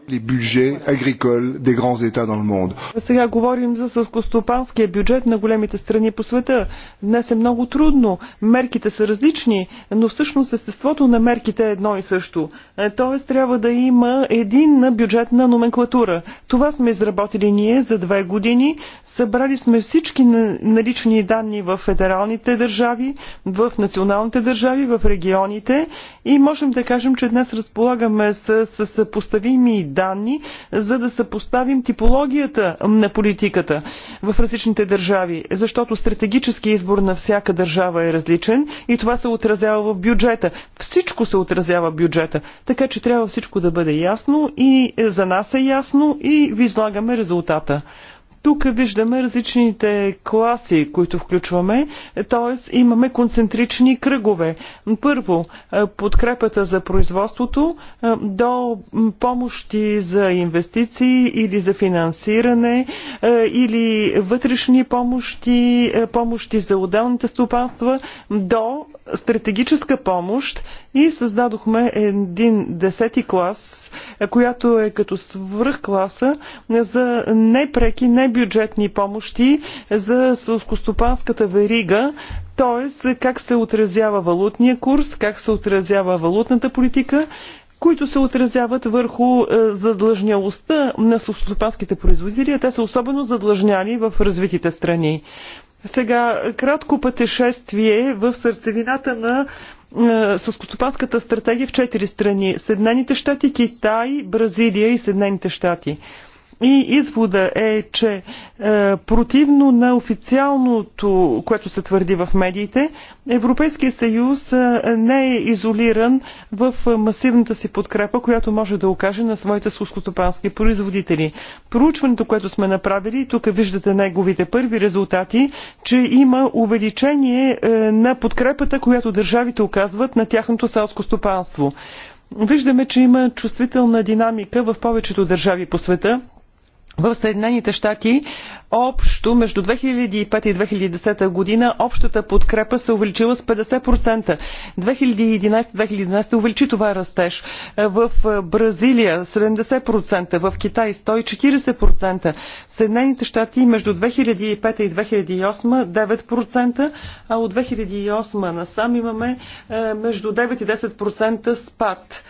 les budgets agricoles des grands États dans le monde. Сега говорим за сълскостопанския бюджет на големите страни по света. Днес е много трудно. Мерките са различни, но всъщност естеството на мерките е едно и също. Е, тоест трябва да има единна бюджетна номенклатура. Това сме изработили ние за две години. Събрали сме всички налични данни в федералните държави, в националните държави, в регионите и можем да кажем, че днес разполагаме с, с съпоставими данни, за да съпоставим типологията на политиката в различните държави, защото стратегически избор на всяка държава е различен и това се отразява в бюджета. Всичко се отразява в бюджета, така че трябва всичко да бъде ясно и за нас е ясно и ви излагаме резултата. Тук виждаме различните класи, които включваме, т.е. имаме концентрични кръгове. Първо, е, подкрепата за производството е, до помощи за инвестиции или за финансиране е, или вътрешни помощи, помощи за отделните стопанства до стратегическа помощ и създадохме един десети клас, която е като свръхкласа за непреки, небюджетни помощи за сълскостопанската верига, т.е. как се отразява валутния курс, как се отразява валутната политика, които се отразяват върху е, задлъжнялостта на сълскостопанските производители, а те са особено задлъжняли в развитите страни. Сега кратко пътешествие в сърцевината на е, съскотопанската стратегия в четири страни. Съединените щати, Китай, Бразилия и Съединените щати. И извода е, че е, противно на официалното, което се твърди в медиите, Европейския съюз е, не е изолиран в масивната си подкрепа, която може да окаже на своите сускотопански производители. Проучването, което сме направили, тук виждате неговите първи резултати, че има увеличение е, на подкрепата, която държавите оказват на тяхното селско стопанство. Виждаме, че има чувствителна динамика в повечето държави по света, в Съединените щати общо между 2005 и 2010 година общата подкрепа се увеличила с 50%. 2011-2012 увеличи това растеж. В е, Бразилия 70%, в Китай 140%, в Съединените щати между 2005 и 2008 9%, а от 2008 насам имаме е, между 9 и 10% спад.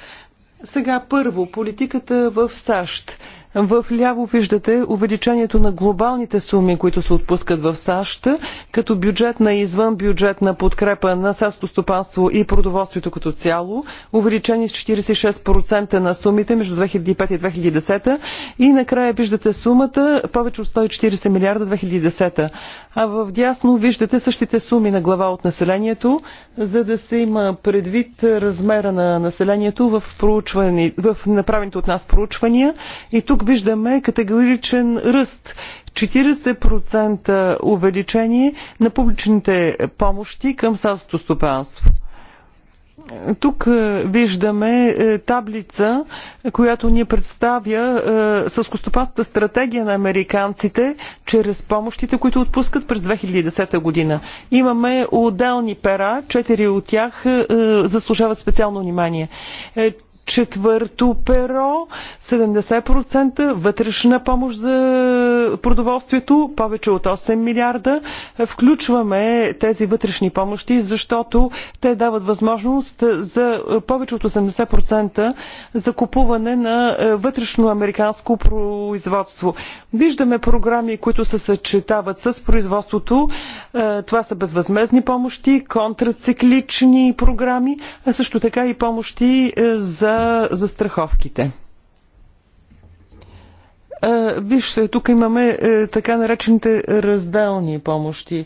Сега първо, политиката в САЩ. В ляво виждате увеличението на глобалните суми, които се отпускат в САЩ, като бюджет на извън бюджет на подкрепа на селското стопанство и продоволствието като цяло, увеличени с 46% на сумите между 2005 и 2010 и накрая виждате сумата повече от 140 милиарда 2010. А в дясно виждате същите суми на глава от населението, за да се има предвид размера на населението в, в направените от нас проучвания. И тук виждаме категоричен ръст. 40% увеличение на публичните помощи към селското стопанство. Тук е, виждаме е, таблица, която ни представя е, съскостопанската стратегия на американците чрез помощите, които отпускат през 2010 година. Имаме отделни пера, четири от тях заслужават специално внимание. Четвърто перо 70% вътрешна помощ за продоволствието, повече от 8 милиарда. Включваме тези вътрешни помощи, защото те дават възможност за повече от 80% за купуване на вътрешно американско производство. Виждаме програми, които се съчетават с производството. Това са безвъзмезни помощи, контрациклични програми, а също така и помощи за за страховките. Вижте, тук имаме е, така наречените разделни помощи.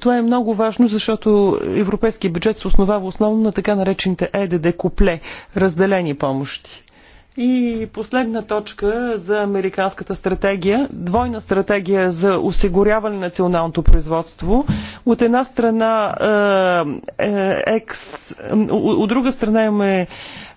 Това е много важно, защото европейския бюджет се основава основно на така наречените ЕДД купле, разделени помощи. И последна точка за американската стратегия, двойна стратегия за осигуряване на националното производство. От една страна, е, е, екс, от друга страна имаме е,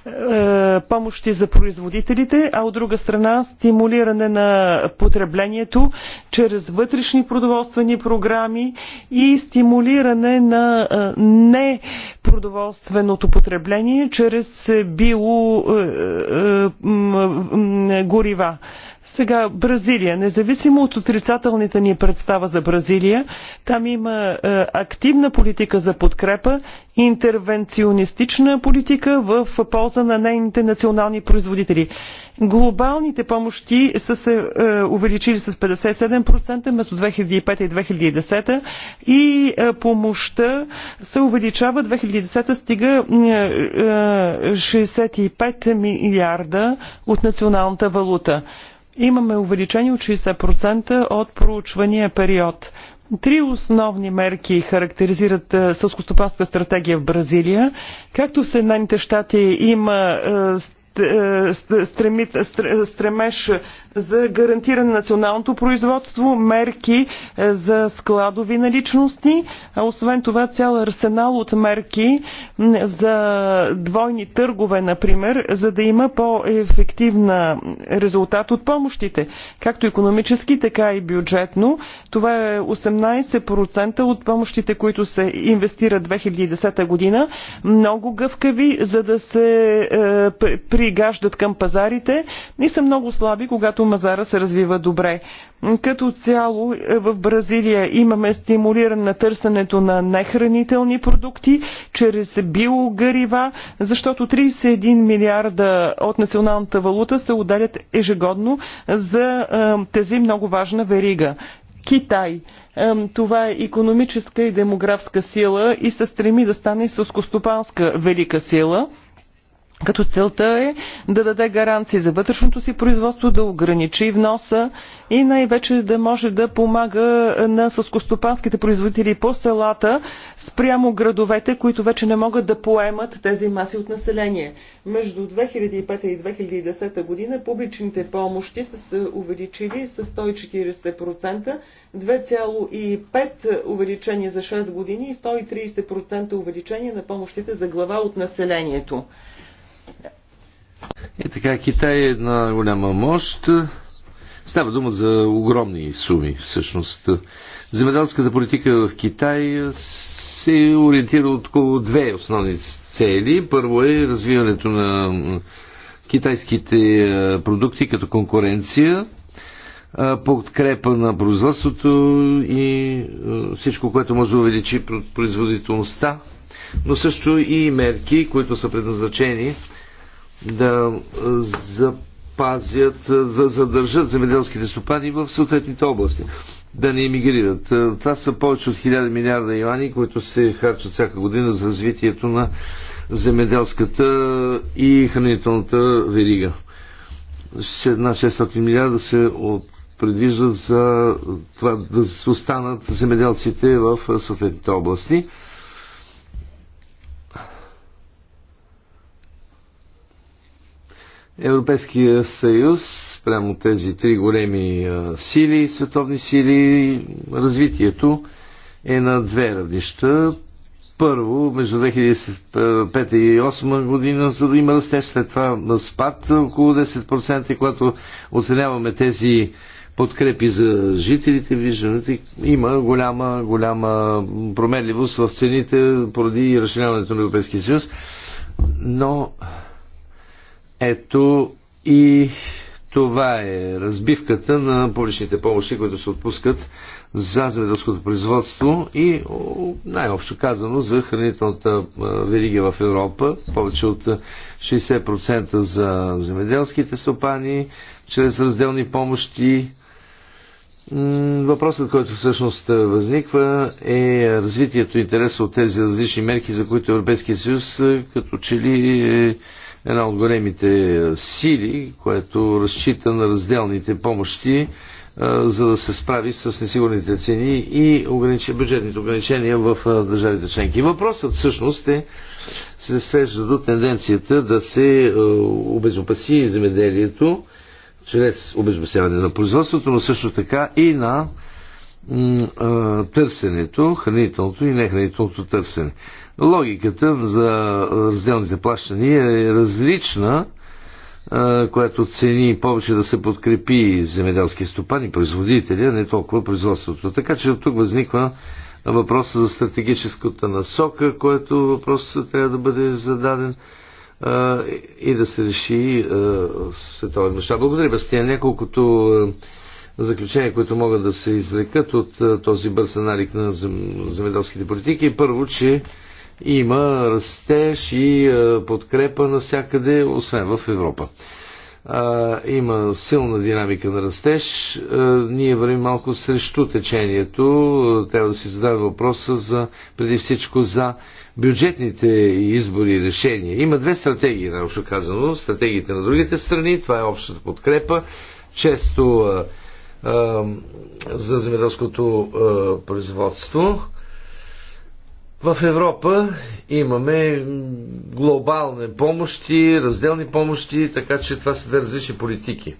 е, помощи за производителите, а от друга страна стимулиране на потреблението чрез вътрешни продоволствени програми и стимулиране на е, непродоволственото потребление чрез е, биогорива. Сега Бразилия. Независимо от отрицателните ни представа за Бразилия, там има е, активна политика за подкрепа, интервенционистична политика в полза на нейните национални производители. Глобалните помощи са се е, увеличили с 57% между 2005 и 2010 и е, помощта се увеличава. 2010 стига е, е, 65 милиарда от националната валута имаме увеличение от 60% от проучвания период. Три основни мерки характеризират е, сълскостопанската стратегия в Бразилия. Както в Съединените щати има е, е, стремеж за гарантиране на националното производство, мерки е, за складови наличности, а освен това цял арсенал от мерки за двойни търгове, например, за да има по-ефективна резултат от помощите, както економически, така и бюджетно. Това е 18% от помощите, които се инвестират 2010 година. Много гъвкави, за да се е, пригаждат към пазарите и са много слаби, когато мазара се развива добре. Като цяло е, в Бразилия имаме стимулиране на търсенето на нехранителни продукти чрез биогарива, защото 31 милиарда от националната валута се отделят ежегодно за е, тези много важна верига. Китай. Е, това е економическа и демографска сила и се стреми да стане сълскостопанска велика сила – като целта е да даде гаранции за вътрешното си производство, да ограничи вноса и най-вече да може да помага на съскостопанските производители по селата спрямо градовете, които вече не могат да поемат тези маси от население. Между 2005 и 2010 година публичните помощи са се увеличили с 140%, 2,5 увеличение за 6 години и 130% увеличение на помощите за глава от населението. И така, Китай е една голяма мощ. Става дума за огромни суми, всъщност. Земеделската политика в Китай се ориентира от около две основни цели. Първо е развиването на китайските е, продукти като конкуренция, е, подкрепа на производството и е, всичко, което може да увеличи производителността, но също и мерки, които са предназначени да запазят, да задържат земеделските стопани в съответните области, да не емигрират. Това са повече от 1000 милиарда юани, които се харчат всяка година за развитието на земеделската и хранителната верига. Една 600 милиарда се от предвиждат за това да останат земеделците в съответните области. Европейския съюз, прямо тези три големи сили, световни сили, развитието е на две равнища. Първо, между 2005 и 2008 година, за да има растеж, след това спад около 10%, и когато оценяваме тези подкрепи за жителите, виждате, има голяма, голяма променливост в цените поради разширяването на Европейския съюз. Но ето и това е разбивката на публичните помощи, които се отпускат за земеделското производство и най-общо казано за хранителната верига в Европа. Повече от 60% за земеделските стопани, чрез разделни помощи. Въпросът, който всъщност възниква е развитието и интереса от тези различни мерки, за които Европейския съюз като че ли е една от големите сили, което разчита на разделните помощи, за да се справи с несигурните цени и бюджетните ограничения в държавите членки. Въпросът всъщност е, се свежда до тенденцията да се обезопаси земеделието чрез обезопасяване на производството, но също така и на търсенето, хранителното и нехранителното търсене. Логиката за разделните плащания е различна, която цени повече да се подкрепи земеделски стопани, производителя, не толкова производството. Така че от тук възниква въпроса за стратегическата насока, който въпрос трябва да бъде зададен и да се реши световен мащаб. Благодаря, Бастия. Няколкото заключения, които могат да се извлекат от е, този бърз аналик на земеделските политики. Първо, че има растеж и е, подкрепа навсякъде, освен в Европа. Има силна динамика на растеж. Е, ние вървим малко срещу течението. Трябва да си задаваме въпроса за, преди всичко за бюджетните избори и решения. Има две стратегии, наобщо казано. Стратегиите на другите страни. Това е общата подкрепа. Често за земеделското производство. В Европа имаме глобални помощи, разделни помощи, така че това са две различни политики.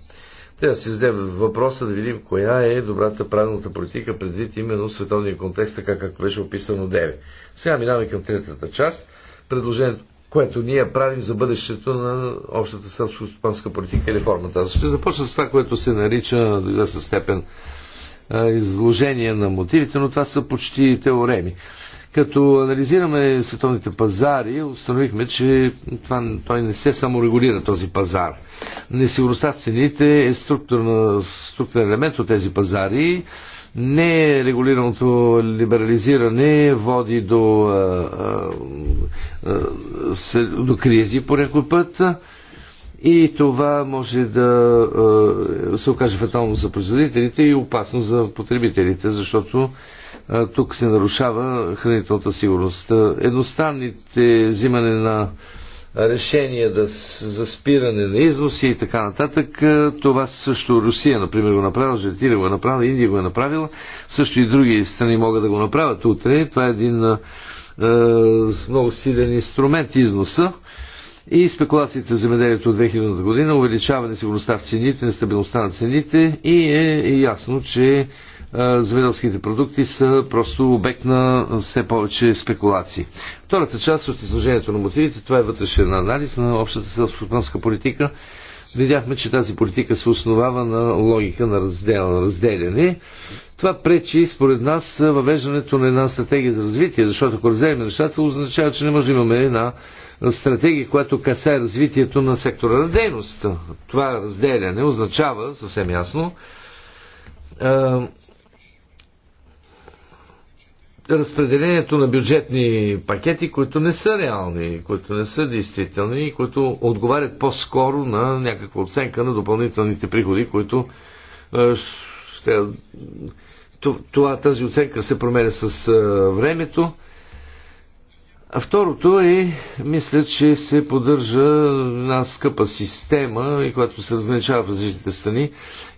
Трябва да се издаде въпроса да видим коя е добрата правилната политика предвид именно световния контекст, така както беше описано 9. Сега минаваме към третата част. Предложението което ние правим за бъдещето на общата селско-стопанска политика и реформата. Аз ще започна с това, което се нарича до да със степен изложение на мотивите, но това са почти теореми. Като анализираме световните пазари, установихме, че това, той не се саморегулира този пазар. Несигурността цените е структурен елемент от тези пазари Нерегулираното е либерализиране води до, до кризи по някой път и това може да се окаже фатално за производителите и опасно за потребителите, защото тук се нарушава хранителната сигурност. Едностранните взимане на решения да, за спиране на износи и така нататък. Това също Русия, например, го направила, Жертира го е направила, Индия го е направила, също и други страни могат да го направят утре. Това е един е, много силен инструмент износа и спекулациите в земеделието от 2000 година, увеличаване сигурността в цените, нестабилността на цените и е ясно, че земеделските продукти са просто обект на все повече спекулации. Втората част от изложението на мотивите, това е вътрешен анализ на общата селскостопанска политика. Видяхме, че тази политика се основава на логика на, раздел, на разделяне. Това пречи, според нас, въвеждането на една стратегия за развитие, защото ако разделим нещата, означава, че не може да имаме една стратегия, която касае развитието на сектора на дейност. Това разделяне означава, съвсем ясно, разпределението на бюджетни пакети, които не са реални, които не са действителни и които отговарят по-скоро на някаква оценка на допълнителните приходи, които е, ще, това, тази оценка се променя с е, времето а второто е, мисля, че се поддържа една скъпа система, и която се разграничава в различните страни.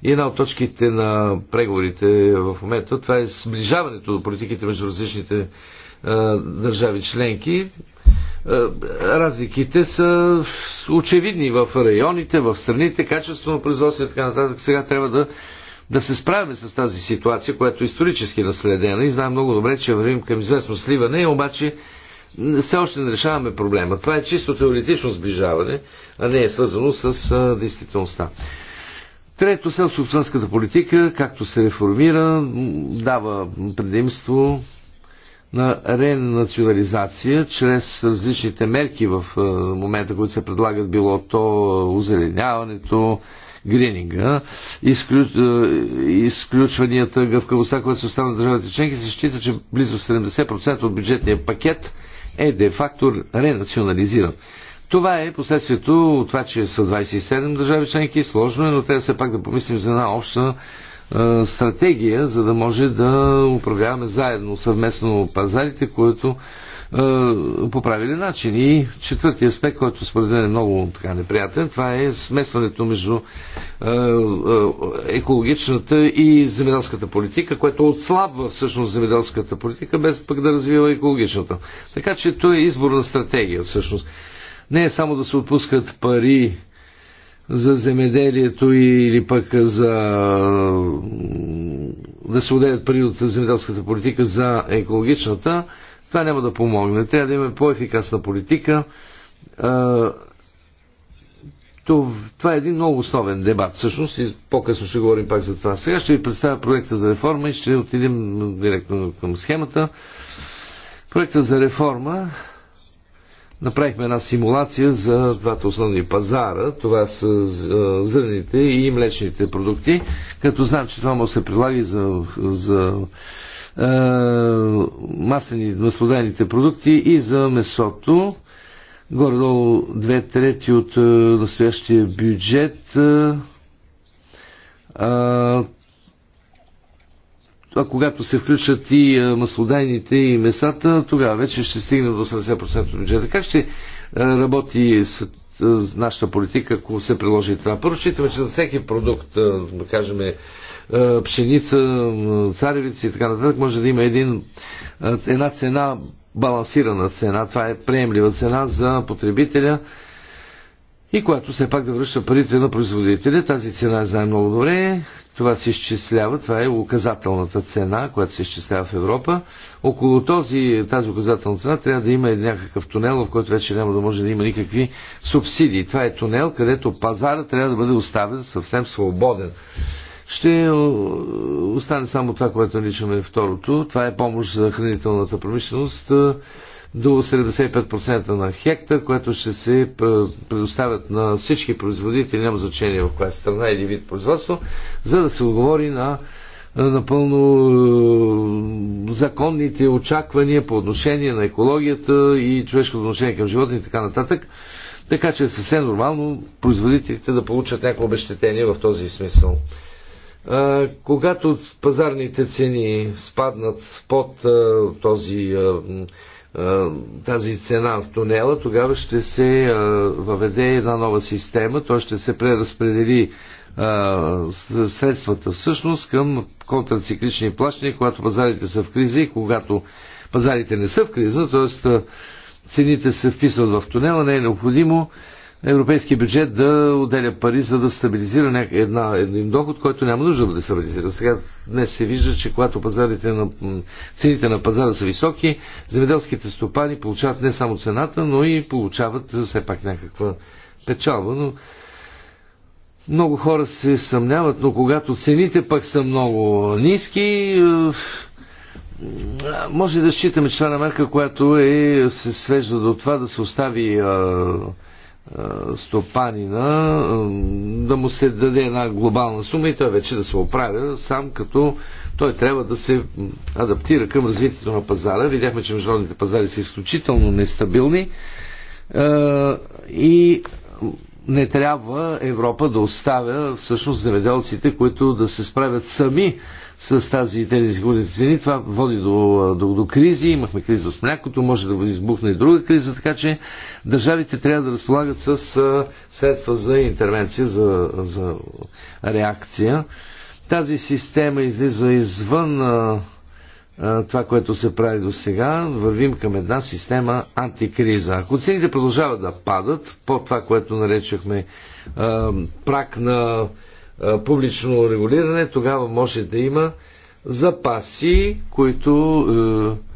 И една от точките на преговорите в момента, това е сближаването до политиките между различните а, е, държави членки. А, е, разликите са очевидни в районите, в страните, качество на производство и така нататък. Сега трябва да да се справим с тази ситуация, която е исторически наследена и знаем много добре, че вървим към известно сливане, обаче все още не решаваме проблема. Това е чисто теоретично сближаване, а не е свързано с а, действителността. Трето, селско политика, както се реформира, дава предимство на ренационализация чрез различните мерки в момента, които се предлагат, било то озеленяването, грининга, изклю... изключванията, гъвкавостта, която се остава на държавите членки, се счита, че близо 70% от бюджетния пакет е де-факто ренационализиран. Това е последствието от това, че са 27 държави членки, сложно е, но трябва все пак да помислим за една обща е, стратегия, за да може да управляваме заедно, съвместно пазарите, което е, по правили начин. И четвъртия аспект, който според мен е много така неприятен, това е смесването между е, е, екологичната и земеделската политика, което отслабва всъщност земеделската политика, без пък да развива екологичната. Така че то е избор на стратегия всъщност. Не е само да се отпускат пари за земеделието или пък за да се отделят пари от земеделската политика за екологичната, това няма да помогне. Трябва да имаме по-ефикасна политика. Това е един много основен дебат, всъщност, и по-късно ще говорим пак за това. Сега ще ви представя проекта за реформа и ще отидем директно към схемата. Проекта за реформа направихме една симулация за двата основни пазара. Това са зърните и млечните продукти, като знам, че това може да се прилага за, за е, маслени, маслодайните продукти и за месото. Горе-долу две трети от е, настоящия бюджет. Е, а, а когато се включат и маслодайните и месата, тогава вече ще стигне до 80% от бюджета. Как ще работи с нашата политика, ако се приложи това? Първо, считаме, че за всеки продукт, да кажем, е, пшеница, царевици и така нататък, може да има един, е, една цена, балансирана цена, това е приемлива цена за потребителя и която все пак да връща парите на производителя. Тази цена знае много добре, това се изчислява, това е указателната цена, която се изчислява в Европа. Около този, тази указателна цена трябва да има някакъв тунел, в който вече няма да може да има никакви субсидии. Това е тунел, където пазара трябва да бъде оставен съвсем свободен ще е, остане само това, което наричаме второто. Това е помощ за хранителната промишленост е, до 75% на хекта, което ще се е, предоставят на всички производители, няма значение в коя страна или вид производство, за да се отговори на напълно законните очаквания по отношение на екологията и човешкото отношение към живота и така нататък. Така че е съвсем нормално производителите да получат някакво обещетение в този смисъл когато пазарните цени спаднат под този, тази цена в тунела, тогава ще се въведе една нова система, то ще се преразпредели средствата всъщност към контрациклични плащания, когато пазарите са в криза и когато пазарите не са в криза, т.е. цените се вписват в тунела, не е необходимо европейския бюджет да отделя пари, за да стабилизира ня... една, един доход, който няма нужда да бъде стабилизира. Сега днес се вижда, че когато пазарите на, цените на пазара са високи, земеделските стопани получават не само цената, но и получават все пак някаква печалба. Но много хора се съмняват, но когато цените пък са много ниски, може да считаме, че това е на мерка, която е, се свежда до това да се остави а, стопанина да му се даде една глобална сума и той вече да се оправя сам като той трябва да се адаптира към развитието на пазара. Видяхме, че международните пазари са изключително нестабилни и не трябва Европа да оставя всъщност земеделците, които да се справят сами с тази, тези хубави цени. Това води до, до, до кризи. Имахме криза с млякото, може да избухне и друга криза, така че държавите трябва да разполагат с средства за интервенция, за, за реакция. Тази система излиза извън а, а, това, което се прави до сега. Вървим към една система антикриза. Ако цените продължават да падат, по това, което наречахме а, прак на публично регулиране, тогава може да има запаси, които е,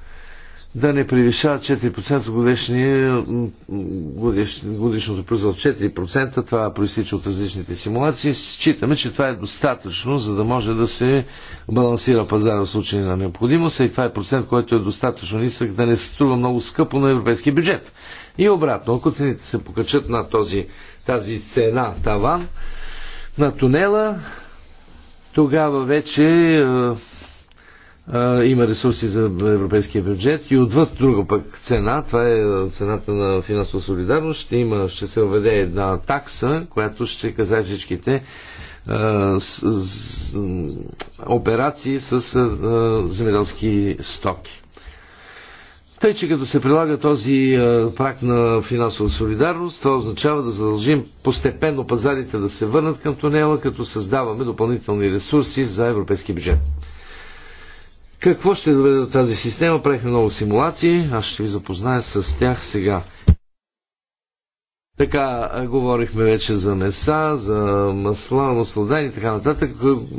да не превишават 4% годишния, годиш, годишното производство. 4% това проистича от различните симулации. Считаме, че това е достатъчно, за да може да се балансира пазара в случай на необходимост. И това е процент, който е достатъчно нисък, да не се струва много скъпо на европейски бюджет. И обратно, ако цените се покачат на този, тази цена таван, на тунела, тогава вече а, е, а, е, има ресурси за европейския бюджет и отвъд друга пък цена, това е, е цената на финансова солидарност, ще, има, ще се въведе една такса, която ще каза всичките а, с, с, операции с земеделски стоки. Тъй, че като се прилага този прак на финансова солидарност, това означава да задължим постепенно пазарите да се върнат към тунела, като създаваме допълнителни ресурси за европейски бюджет. Какво ще доведе до тази система? Правихме много симулации. Аз ще ви запозная с тях сега. Така, говорихме вече за меса, за масла, маслоден и така нататък.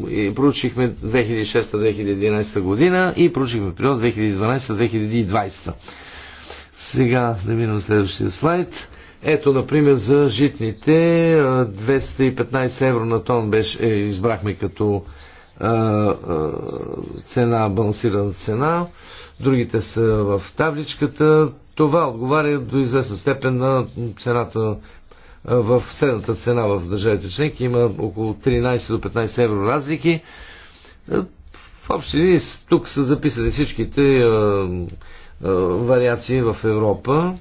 И проучихме 2006-2011 година и проучихме период 2012-2020. Сега да минем следващия слайд. Ето, например, за житните 215 евро на тон беше, е, избрахме като е, е, цена, балансирана цена другите са в табличката. Това отговаря до известна степен на цената в средната цена в държавите членки. Има около 13 до 15 евро разлики. В общи ли, тук са записани всичките вариации в Европа.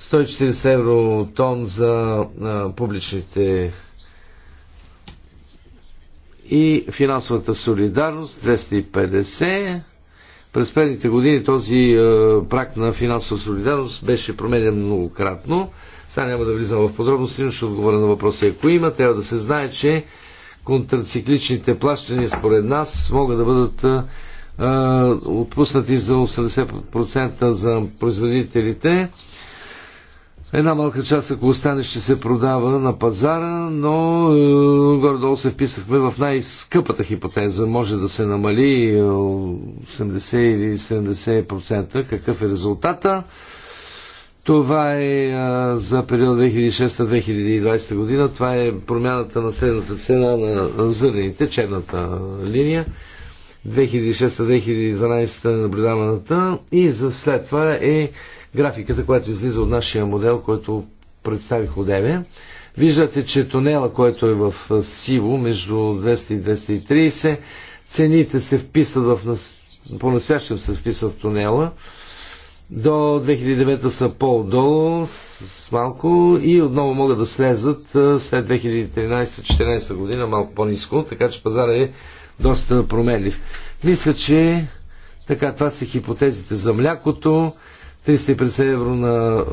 140 евро тон за публичните и финансовата солидарност 250 през предните години този е, прак на финансова солидарност беше променен многократно. Сега няма да влизам в подробности, но ще отговоря на въпроса. Ако има, трябва да се знае, че контрацикличните плащания според нас могат да бъдат е, е отпуснати за 80% за производителите Една малка част, ако остане, ще се продава на пазара, но е, горе-долу се вписахме в най-скъпата хипотеза. Може да се намали 80 е, или 70%. Какъв е резултата? Това е а, е, за периода 2006-2020 година. Това е промяната на средната цена на зърнените, черната линия. 2006-2012 е наблюдаваната и за след това е графиката, която излиза от нашия модел, който представих одеве. Виждате, че тунела, който е в сиво, между 200 и 230, цените се вписат в... по-настоящем се вписат в тунела. До 2009 са по-долу с малко и отново могат да слезат след 2013-2014 година малко по-низко, така че пазара е доста променлив. Мисля, че така, това са хипотезите за млякото. 350 евро на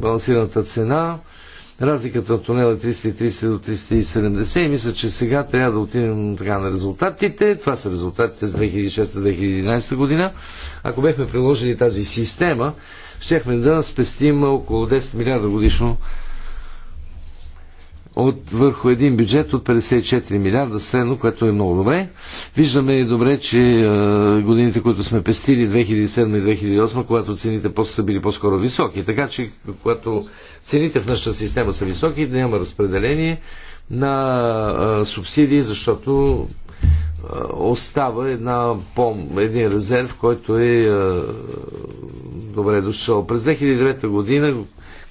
балансираната цена. Разликата от тунела е 330 до 370 и мисля, че сега трябва да отидем така на резултатите. Това са резултатите с 2006-2011 година. Ако бехме приложили тази система, щяхме да спестим около 10 милиарда годишно от върху един бюджет от 54 милиарда средно, което е много добре. Виждаме и добре, че е, годините, които сме пестили 2007 и 2008, когато цените после са били по-скоро високи. Така че, когато цените в нашата система са високи, да няма разпределение на е, субсидии, защото е, остава една, пом, един резерв, който е, е добре дошъл. През 2009 година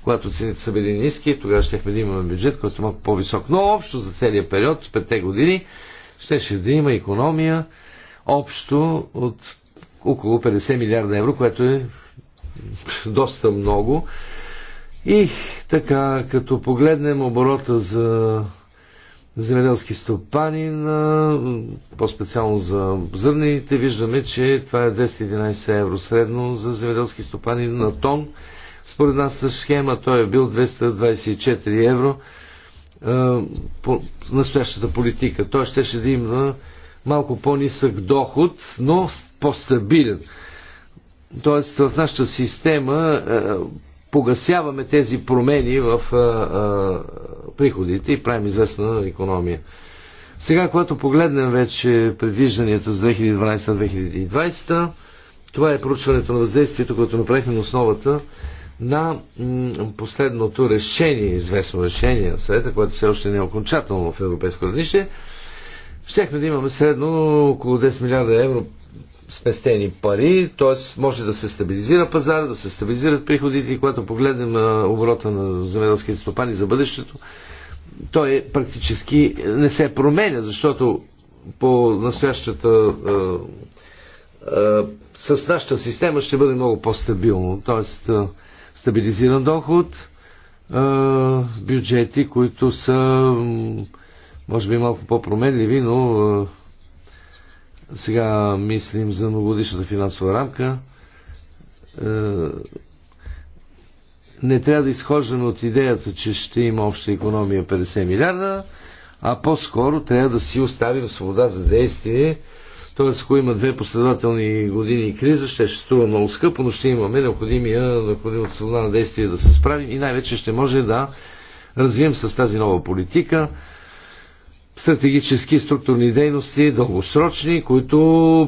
когато цените са били ниски, тогава щехме да имаме бюджет, който е малко по-висок. Но общо за целия период, петте години, щеше да има економия общо от около 50 милиарда евро, което е доста много. И така, като погледнем оборота за земеделски стопани, по-специално за зърнените, виждаме, че това е 211 евро средно за земеделски стопани на тон според нас с схема той е бил 224 евро по настоящата политика. Той щеше да има малко по-нисък доход, но по-стабилен. Тоест в нашата система погасяваме тези промени в а, а, приходите и правим известна економия. Сега, когато погледнем вече предвижданията за 2012-2020, това е проучването на въздействието, което направихме на основата на последното решение, известно решение на съвета, което все още не е окончателно в европейско равнище, щехме да имаме средно около 10 милиарда евро спестени пари, т.е. може да се стабилизира пазара, да се стабилизират приходите и когато погледнем на оборота на земеделските стопани за бъдещето, той практически не се променя, защото по настоящата с нашата система ще бъде много по-стабилно. Тоест, стабилизиран доход, бюджети, които са може би малко по-променливи, но сега мислим за многогодишната финансова рамка. Не трябва да изхождаме от идеята, че ще има обща економия 50 милиарда, а по-скоро трябва да си оставим свобода за действие, т.е. ако има две последователни години и криза, ще ще струва много скъпо, но ще имаме необходимия, необходимата свобода на действие да се справим и най-вече ще може да развием с тази нова политика стратегически структурни дейности, дългосрочни, които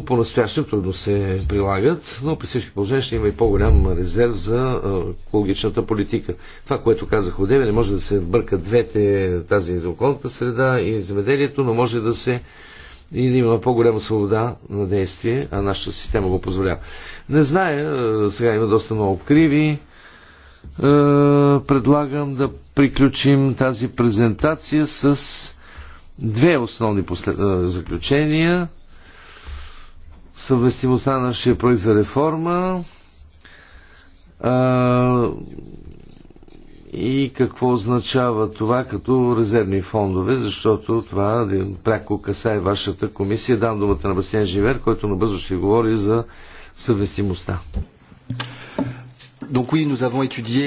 по-настоящем трудно се прилагат, но при всички положения ще има и по-голям резерв за екологичната политика. Това, което казах от не може да се бърка двете, тази за околната среда и земеделието, но може да се и да има по-голяма свобода на действие, а нашата система го позволява. Не зная, е, сега има доста много криви. Е, предлагам да приключим тази презентация с две основни послед... Е, заключения. Съвместимостта на нашия проект за реформа и какво означава това като резервни фондове, защото това е пряко касае вашата комисия. Дам думата на Басен Живер, който набързо ще говори за съвместимостта. Donc oui, nous avons étudié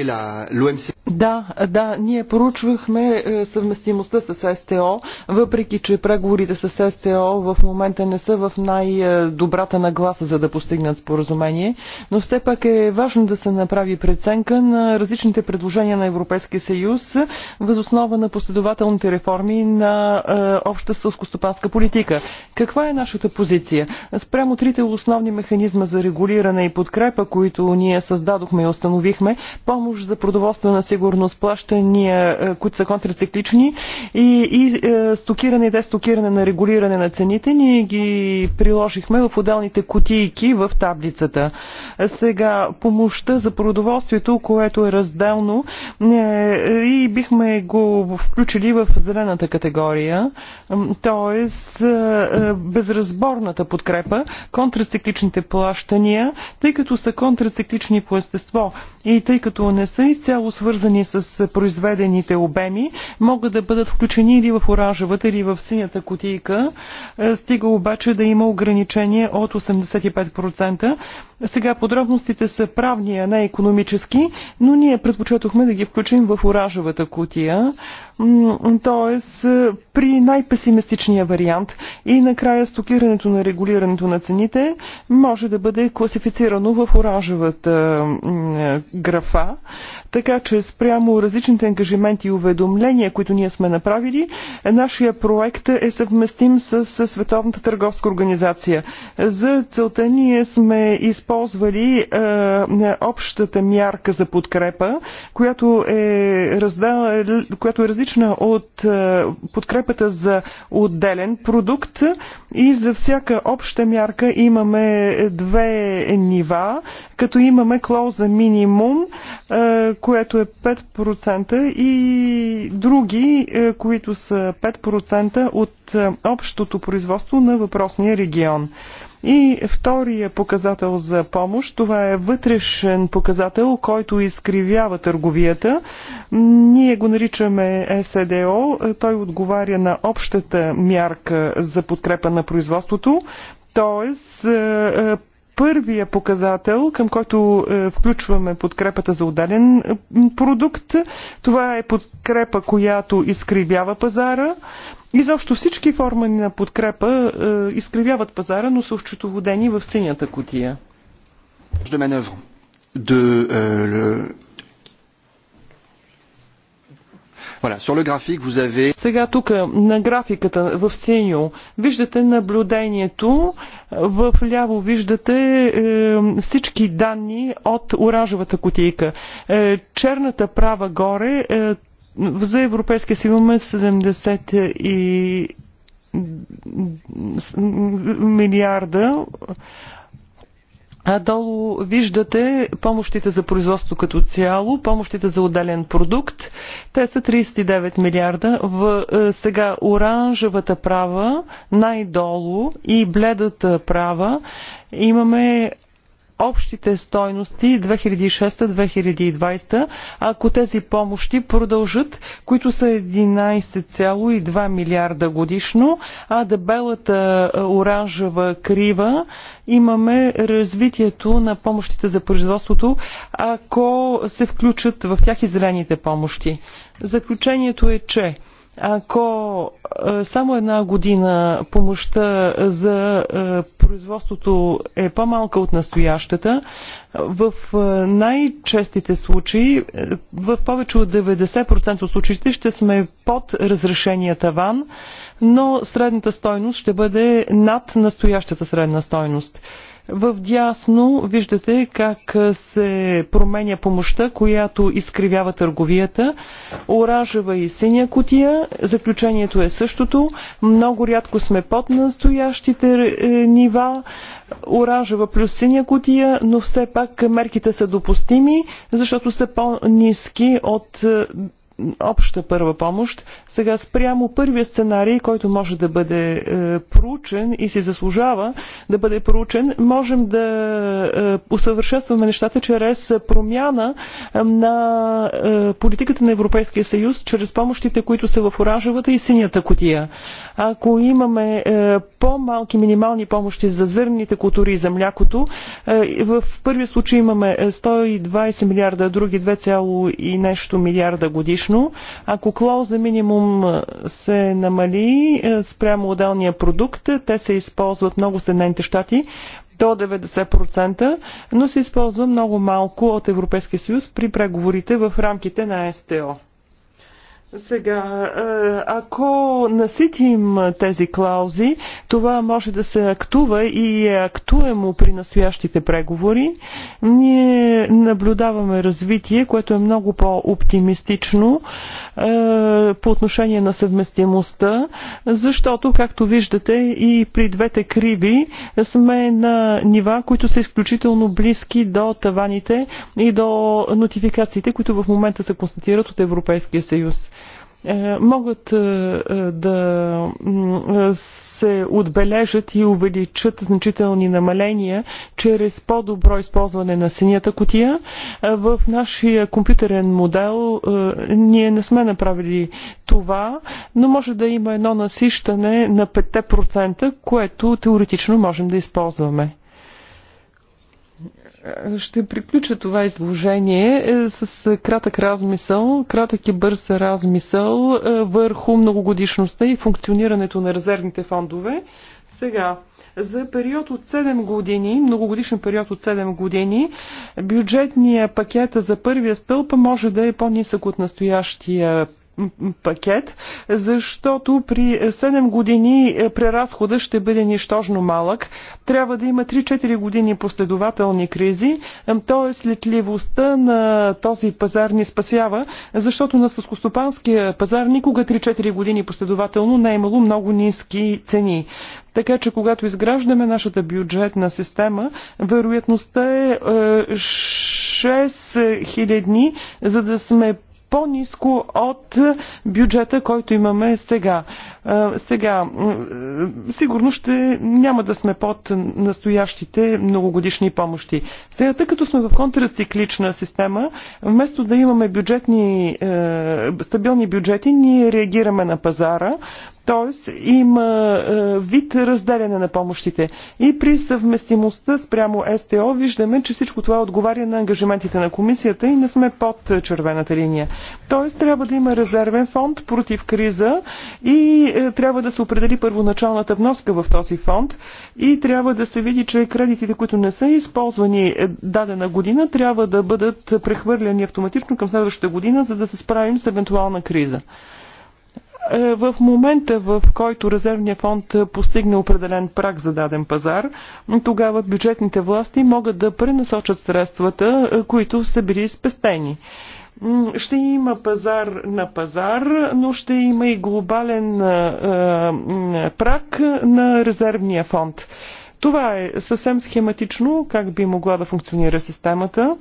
l'OMC. Да, да, ние поручвахме е, съвместимостта с СТО, въпреки че преговорите с СТО в момента не са в най-добрата нагласа, за да постигнат споразумение, но все пак е важно да се направи преценка на различните предложения на Европейския съюз възоснова на последователните реформи на е, обща сълскостопанска политика. Каква е нашата позиция? Спрямо трите основни механизма за регулиране и подкрепа, които ние създадохме и установихме, помощ за продоволствена сигурност, плащания, е, които са контрациклични и, и е, стокиране и дестокиране на регулиране на цените, ние ги приложихме в отделните кутийки в таблицата. Сега помощта за продоволствието, което е разделно е, и бихме го включили в зелената категория, т.е. безразборната подкрепа, контрацикличните плащания, тъй като са контрациклични по естество и тъй като не са изцяло свързани свързани с произведените обеми, могат да бъдат включени или в оранжевата, или в синята кутийка. Е, стига обаче да има ограничение от 85%. Сега подробностите са правни, а не економически, но ние предпочетохме да ги включим в оранжевата котия т.е. при най-песимистичния вариант. И накрая стокирането на регулирането на цените може да бъде класифицирано в оранжевата е, графа, така че спрямо различните ангажименти и уведомления, които ние сме направили, нашия проект е съвместим с Световната търговска организация. За целта ние сме използвали е, е, общата мярка за подкрепа, която е, раздал, която е различна различна от е, подкрепата за отделен продукт и за всяка обща мярка имаме две нива, като имаме клауза минимум, е, което е 5% и други, е, които са 5% от общото производство на въпросния регион. И втория показател за помощ, това е вътрешен показател, който изкривява търговията. Ние го наричаме СДО. Той отговаря на общата мярка за подкрепа на производството. Тоест, е, е, първия показател, към който е, включваме подкрепата за отделен продукт. Това е подкрепа, която изкривява пазара. Изобщо всички форми на подкрепа е, изкривяват пазара, но са очетоводени в синята котия. De manœuvre de, euh, le... Voilà, sur le graphique, vous avez... Сега тук е, на графиката в синьо виждате наблюдението, в ляво виждате е, всички данни от оранжевата котийка. Е, черната права горе е, за Европейския съюз имаме 70 и милиарда. А долу виждате помощите за производство като цяло, помощите за отделен продукт. Те са 39 милиарда. В, е, сега оранжевата права най-долу и бледата права имаме общите стойности 2006-2020, ако тези помощи продължат, които са 11,2 милиарда годишно, а дебелата е, оранжева крива имаме развитието на помощите за производството, ако се включат в тях и зелените помощи. Заключението е, че ако е, само една година помощта за е, производството е по-малка от настоящата, в е, най-честите случаи, в повече от 90% от случаите ще сме под разрешения таван, но средната стойност ще бъде над настоящата средна стойност. В дясно виждате как се променя помощта, която изкривява търговията. Оранжева и синя котия. Заключението е същото. Много рядко сме под настоящите е, нива. Оранжева плюс синя котия, но все пак мерките са допустими, защото са по-низки от е, обща първа помощ. Сега спрямо първия сценарий, който може да бъде е, проучен и си заслужава да бъде проучен, можем да е, усъвършенстваме нещата чрез промяна е, на е, политиката на Европейския съюз, чрез помощите, които са в оранжевата и синята котия. Ако имаме е, по-малки минимални помощи за зърните култури и за млякото, е, в първия случай имаме 120 милиарда, други 2, и нещо милиарда годишно годишно. Ако клоуза минимум се намали спрямо отделния продукт, те се използват много в Съединените щати, до 90%, но се използва много малко от Европейския съюз при преговорите в рамките на СТО. Сега, е, ако наситим тези клаузи, това може да се актува и е актуемо при настоящите преговори. Ние наблюдаваме развитие, което е много по-оптимистично е, по отношение на съвместимостта, защото, както виждате, и при двете криви сме на нива, които са изключително близки до таваните и до нотификациите, които в момента се констатират от Европейския съюз. Е, могат е, е, да се отбележат и увеличат значителни намаления чрез по-добро използване на синята котия. В нашия компютърен модел ние не сме направили това, но може да има едно насищане на 5%, което теоретично можем да използваме. Ще приключа това изложение е, с кратък размисъл, кратък и бърз размисъл е, върху многогодишността и функционирането на резервните фондове. Сега, за период от 7 години, многогодишен период от 7 години, бюджетния пакет за първия стълб може да е по-нисък от настоящия пакет, защото при 7 години е, преразхода ще бъде нищожно малък. Трябва да има 3-4 години последователни кризи. Е, т.е. летливостта на този пазар ни спасява, защото на съскостопанския пазар никога 3-4 години последователно не е имало много ниски цени. Така че, когато изграждаме нашата бюджетна система, вероятността е 6 е, дни, за да сме по-низко от бюджета, който имаме сега. Сега, е, сигурно ще няма да сме под настоящите многогодишни помощи. Сега, тъй като сме в контрациклична система, вместо да имаме бюджетни, е, стабилни бюджети, ние реагираме на пазара, т.е. има е, вид разделяне на помощите. И при съвместимостта спрямо СТО виждаме, че всичко това отговаря на ангажиментите на комисията и не сме под червената линия. Т.е. трябва да има резервен фонд против криза и е, трябва да се определи първоначалната вноска в този фонд и трябва да се види, че кредитите, които не са използвани е, дадена година, трябва да бъдат прехвърляни автоматично към следващата година, за да се справим с евентуална криза. Е, в момента, в който резервния фонд постигне определен прак за даден пазар, тогава бюджетните власти могат да пренасочат средствата, които са били спестени. Ще има пазар на пазар, но ще има и глобален прак на резервния фонд. Това е съвсем схематично как би могла да функционира системата.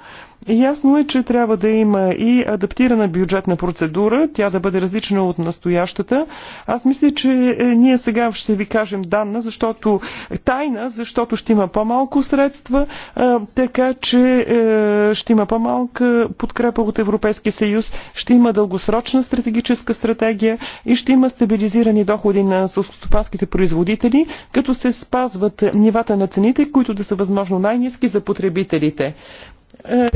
Ясно е, че трябва да има и адаптирана бюджетна процедура, тя да бъде различна от настоящата. Аз мисля, че е, ние сега ще ви кажем данна, защото е, тайна, защото ще има по-малко средства, е, така че ще има по-малка подкрепа от Европейския съюз, ще има дългосрочна стратегическа стратегия и ще има стабилизирани доходи на сълскостопанските производители, като се спазват нивата на цените, които да са възможно най-низки за потребителите. Е,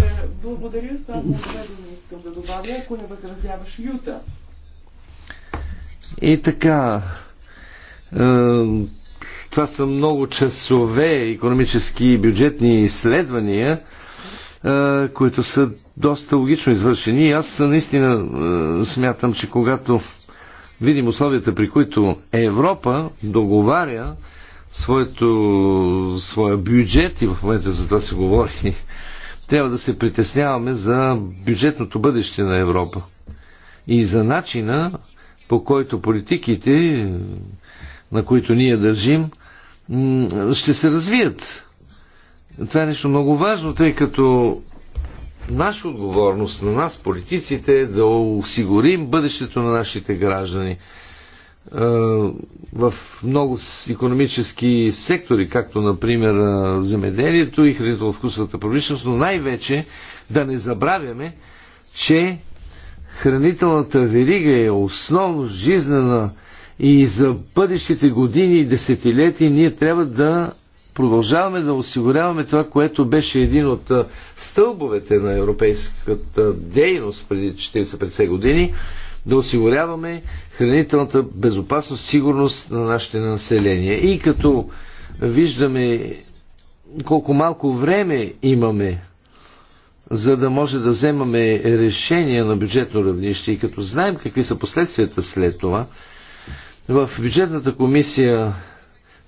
Благодаря, само две искам да добавя, ако не възразяваш Юта. И така, е, това са много часове економически и бюджетни изследвания, е, които са доста логично извършени. И аз наистина смятам, че когато видим условията, при които Европа договаря своето, своя бюджет, и в момента за това се говори трябва да се притесняваме за бюджетното бъдеще на Европа и за начина по който политиките, на които ние държим, ще се развият. Това е нещо много важно, тъй като наша отговорност на нас, политиците, е да осигурим бъдещето на нашите граждани – в много економически сектори, както например земеделието и хранително-вкусовата промишленост, но най-вече да не забравяме, че хранителната верига е основно жизнена и за бъдещите години и десетилетия ние трябва да продължаваме да осигуряваме това, което беше един от стълбовете на европейската дейност преди 40-50 години, да осигуряваме хранителната безопасност, сигурност на нашите населения. И като виждаме колко малко време имаме, за да може да вземаме решение на бюджетно равнище и като знаем какви са последствията след това, в бюджетната комисия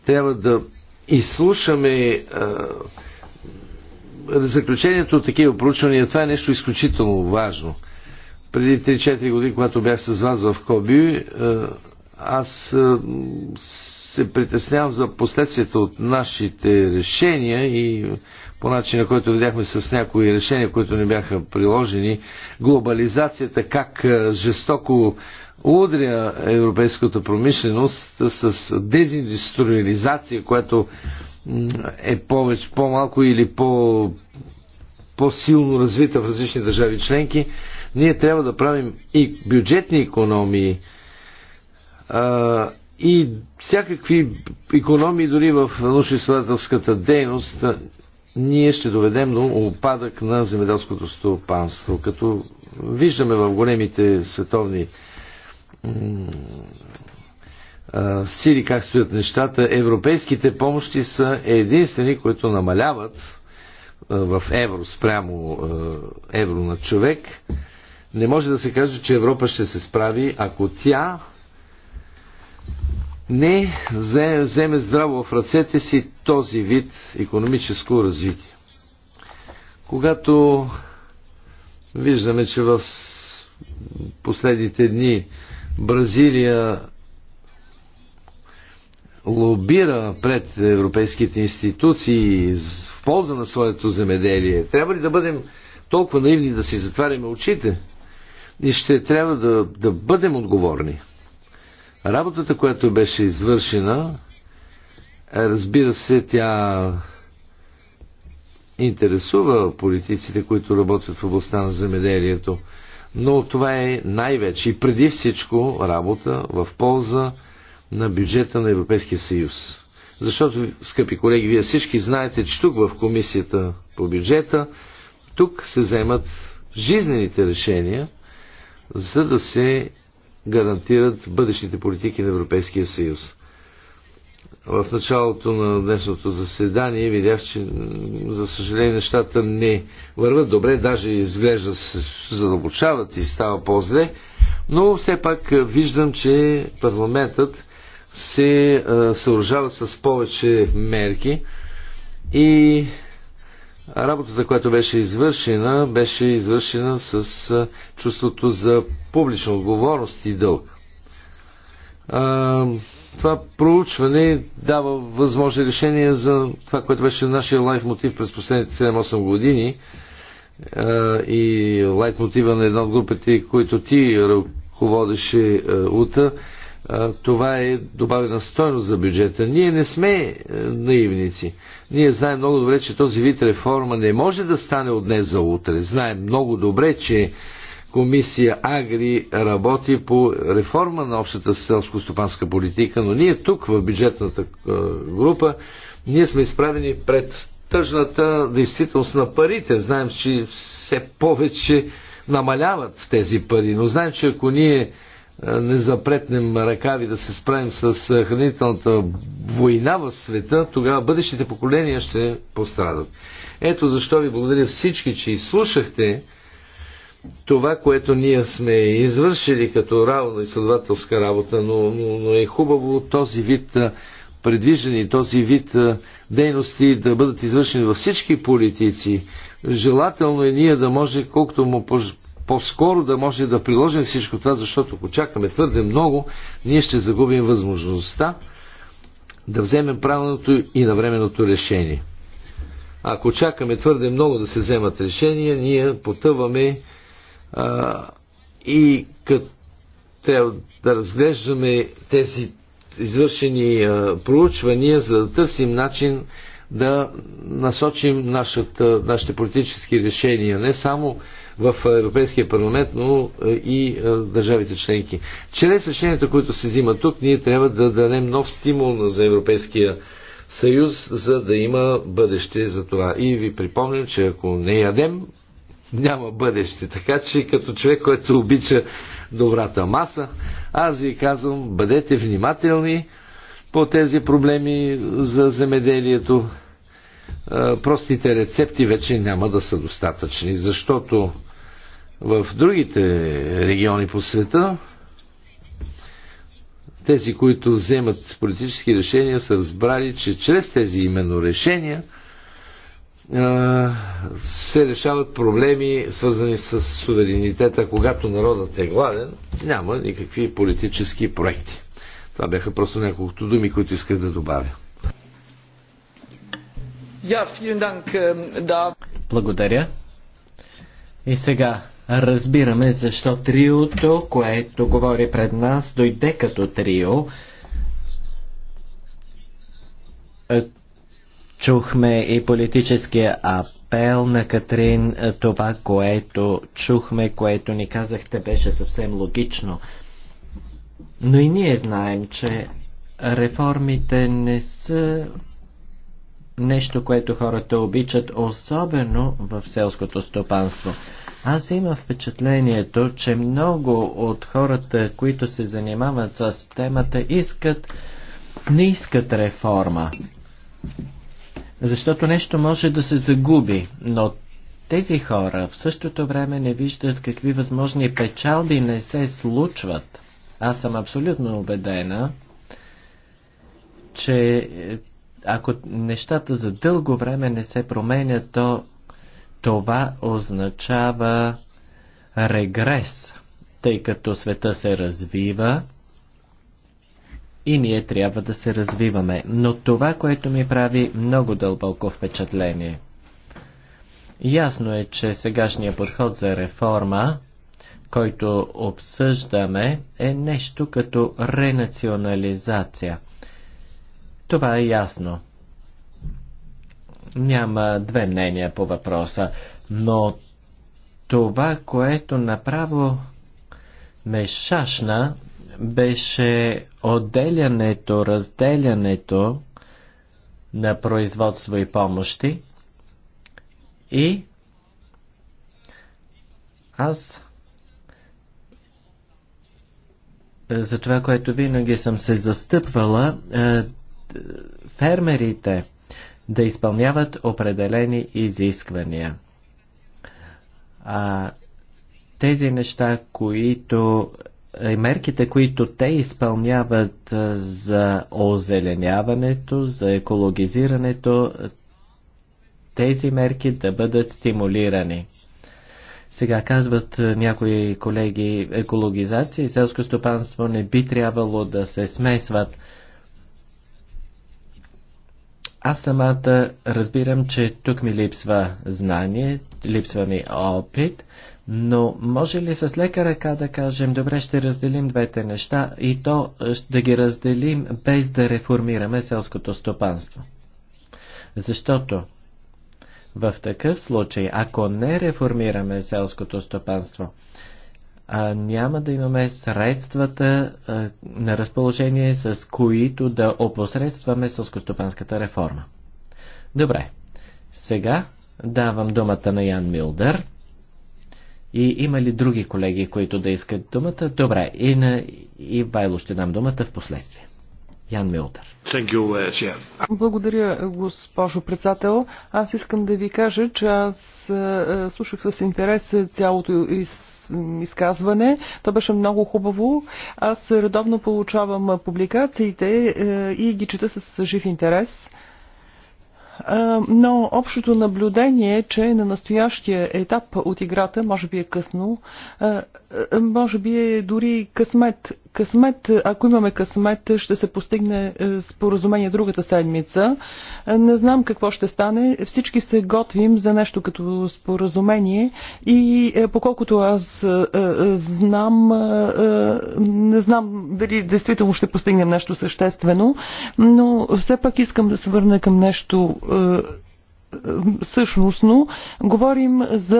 трябва да изслушаме заключението от такива проучвания. Това е нещо изключително важно – преди 3-4 години, когато бях с вас в Коби, е, аз е, се притеснявам за последствията от нашите решения и по начина, който видяхме с някои решения, които не бяха приложени, глобализацията как е, жестоко удря европейската промишленост с дезиндустриализация, която е повече, по-малко или по, по-силно развита в различни държави членки. Ние трябва да правим и бюджетни економии, а, и всякакви економии дори в научно-изследователската дейност ние ще доведем до опадък на земеделското стопанство. Като виждаме в големите световни сили как стоят нещата, европейските помощи са единствени, които намаляват в евро спрямо евро на човек не може да се каже, че Европа ще се справи, ако тя не вземе здраво в ръцете си този вид економическо развитие. Когато виждаме, че в последните дни Бразилия лобира пред европейските институции в полза на своето земеделие, трябва ли да бъдем толкова наивни да си затваряме очите? и ще трябва да, да бъдем отговорни. Работата, която беше извършена, е, разбира се, тя интересува политиците, които работят в областта на земеделието, но това е най-вече и преди всичко работа в полза на бюджета на Европейския съюз. Защото, скъпи колеги, вие всички знаете, че тук в комисията по бюджета, тук се вземат жизнените решения – за да се гарантират бъдещите политики на Европейския съюз. В началото на днесното заседание видях, че за съжаление нещата не върват добре, даже изглежда се задълбочават и става по-зле, но все пак виждам, че парламентът се съоръжава с повече мерки и Работата, която беше извършена, беше извършена с чувството за публична отговорност и дълг. Това проучване дава възможни решения за това, което беше нашия лайф мотив през последните 7-8 години и лайф мотива на една от групите, които ти ръководеше ута, това е добавена стойност за бюджета. Ние не сме е, наивници. Ние знаем много добре, че този вид реформа не може да стане от днес за утре. Знаем много добре, че комисия Агри работи по реформа на общата селско-стопанска политика, но ние тук в бюджетната е, група ние сме изправени пред тъжната действителност на парите. Знаем, че все повече намаляват тези пари, но знаем, че ако ние е, не запретнем ръкави да се справим с е, хранителната война в света, тогава бъдещите поколения ще пострадат. Ето защо ви благодаря всички, че изслушахте това, което ние сме извършили като равно изследователска работа, но, но, но е хубаво този вид е, предвиждани, този вид дейности да бъдат извършени във всички политици. Желателно е ние да може колкото му по-скоро да може да приложим всичко това, защото ако чакаме твърде много, ние ще загубим възможността да вземем правилното и навременното решение. Ако чакаме твърде много да се вземат решения, ние потъваме а, и като трябва да разглеждаме тези извършени а, проучвания, за да търсим начин да насочим нашата, нашите политически решения, не само в Европейския парламент, но е, и е, държавите членки. Чрез решенията, които се взимат тук, ние трябва да дадем нов стимул за Европейския съюз, за да има бъдеще за това. И ви припомням, че ако не ядем, няма бъдеще. Така че като човек, който обича добрата маса, аз ви казвам, бъдете внимателни по тези проблеми за земеделието. Е, простите рецепти вече няма да са достатъчни, защото в другите региони по света, тези, които вземат политически решения, са разбрали, че чрез тези именно решения се решават проблеми, свързани с суверенитета. Когато народът е гладен, няма никакви политически проекти. Това бяха просто няколкото думи, които исках да добавя. Э, Благодаря. И сега разбираме защо триото, което говори пред нас, дойде като трио. Е, чухме и политическия апел на Катрин. Е, това, което чухме, което ни казахте, беше съвсем логично. Но и ние знаем, че реформите не са нещо, което хората обичат, особено в селското стопанство. Аз имам впечатлението, че много от хората, които се занимават с темата, искат, не искат реформа. Защото нещо може да се загуби, но тези хора в същото време не виждат какви възможни печалби не се случват. Аз съм абсолютно убедена, че е, ако нещата за дълго време не се променят, то това означава регрес, тъй като света се развива и ние трябва да се развиваме. Но това, което ми прави много дълбоко впечатление. Ясно е, че сегашният подход за реформа, който обсъждаме, е нещо като ренационализация. Това е ясно. Няма две мнения по въпроса, но това, което направо ме шашна, беше отделянето, разделянето на производство и помощи и аз за това, което винаги съм се застъпвала, е, фермерите – да изпълняват определени изисквания. А, тези неща, които мерките, които те изпълняват за озеленяването, за екологизирането, тези мерки да бъдат стимулирани. Сега казват някои колеги, екологизация и селско стопанство не би трябвало да се смесват. Аз самата разбирам, че тук ми липсва знание, липсва ми опит, но може ли с лека ръка да кажем, добре, ще разделим двете неща и то да ги разделим без да реформираме селското стопанство? Защото в такъв случай, ако не реформираме селското стопанство, а, няма да имаме средствата а, на разположение, с които да опосредстваме сълскостопанската реформа. Добре, сега давам думата на Ян Милдър. И има ли други колеги, които да искат думата? Добре, и на Ивайло ще дам думата в последствие. Ян Милдър. Uh, Благодаря, госпожо председател. Аз искам да ви кажа, че аз е, слушах с интерес цялото из изказване. То беше много хубаво. Аз редовно получавам публикациите е, и ги чета с жив интерес. Е, но общото наблюдение е, че на настоящия етап от играта, може би е късно, е, може би е дори късмет, късмет, ако имаме късмет, ще се постигне е, споразумение другата седмица. Е, не знам какво ще стане. Всички се готвим за нещо като споразумение и е, поколкото аз знам, не знам дали действително ще постигнем нещо съществено, но все пак искам да се върна към нещо Същностно, говорим за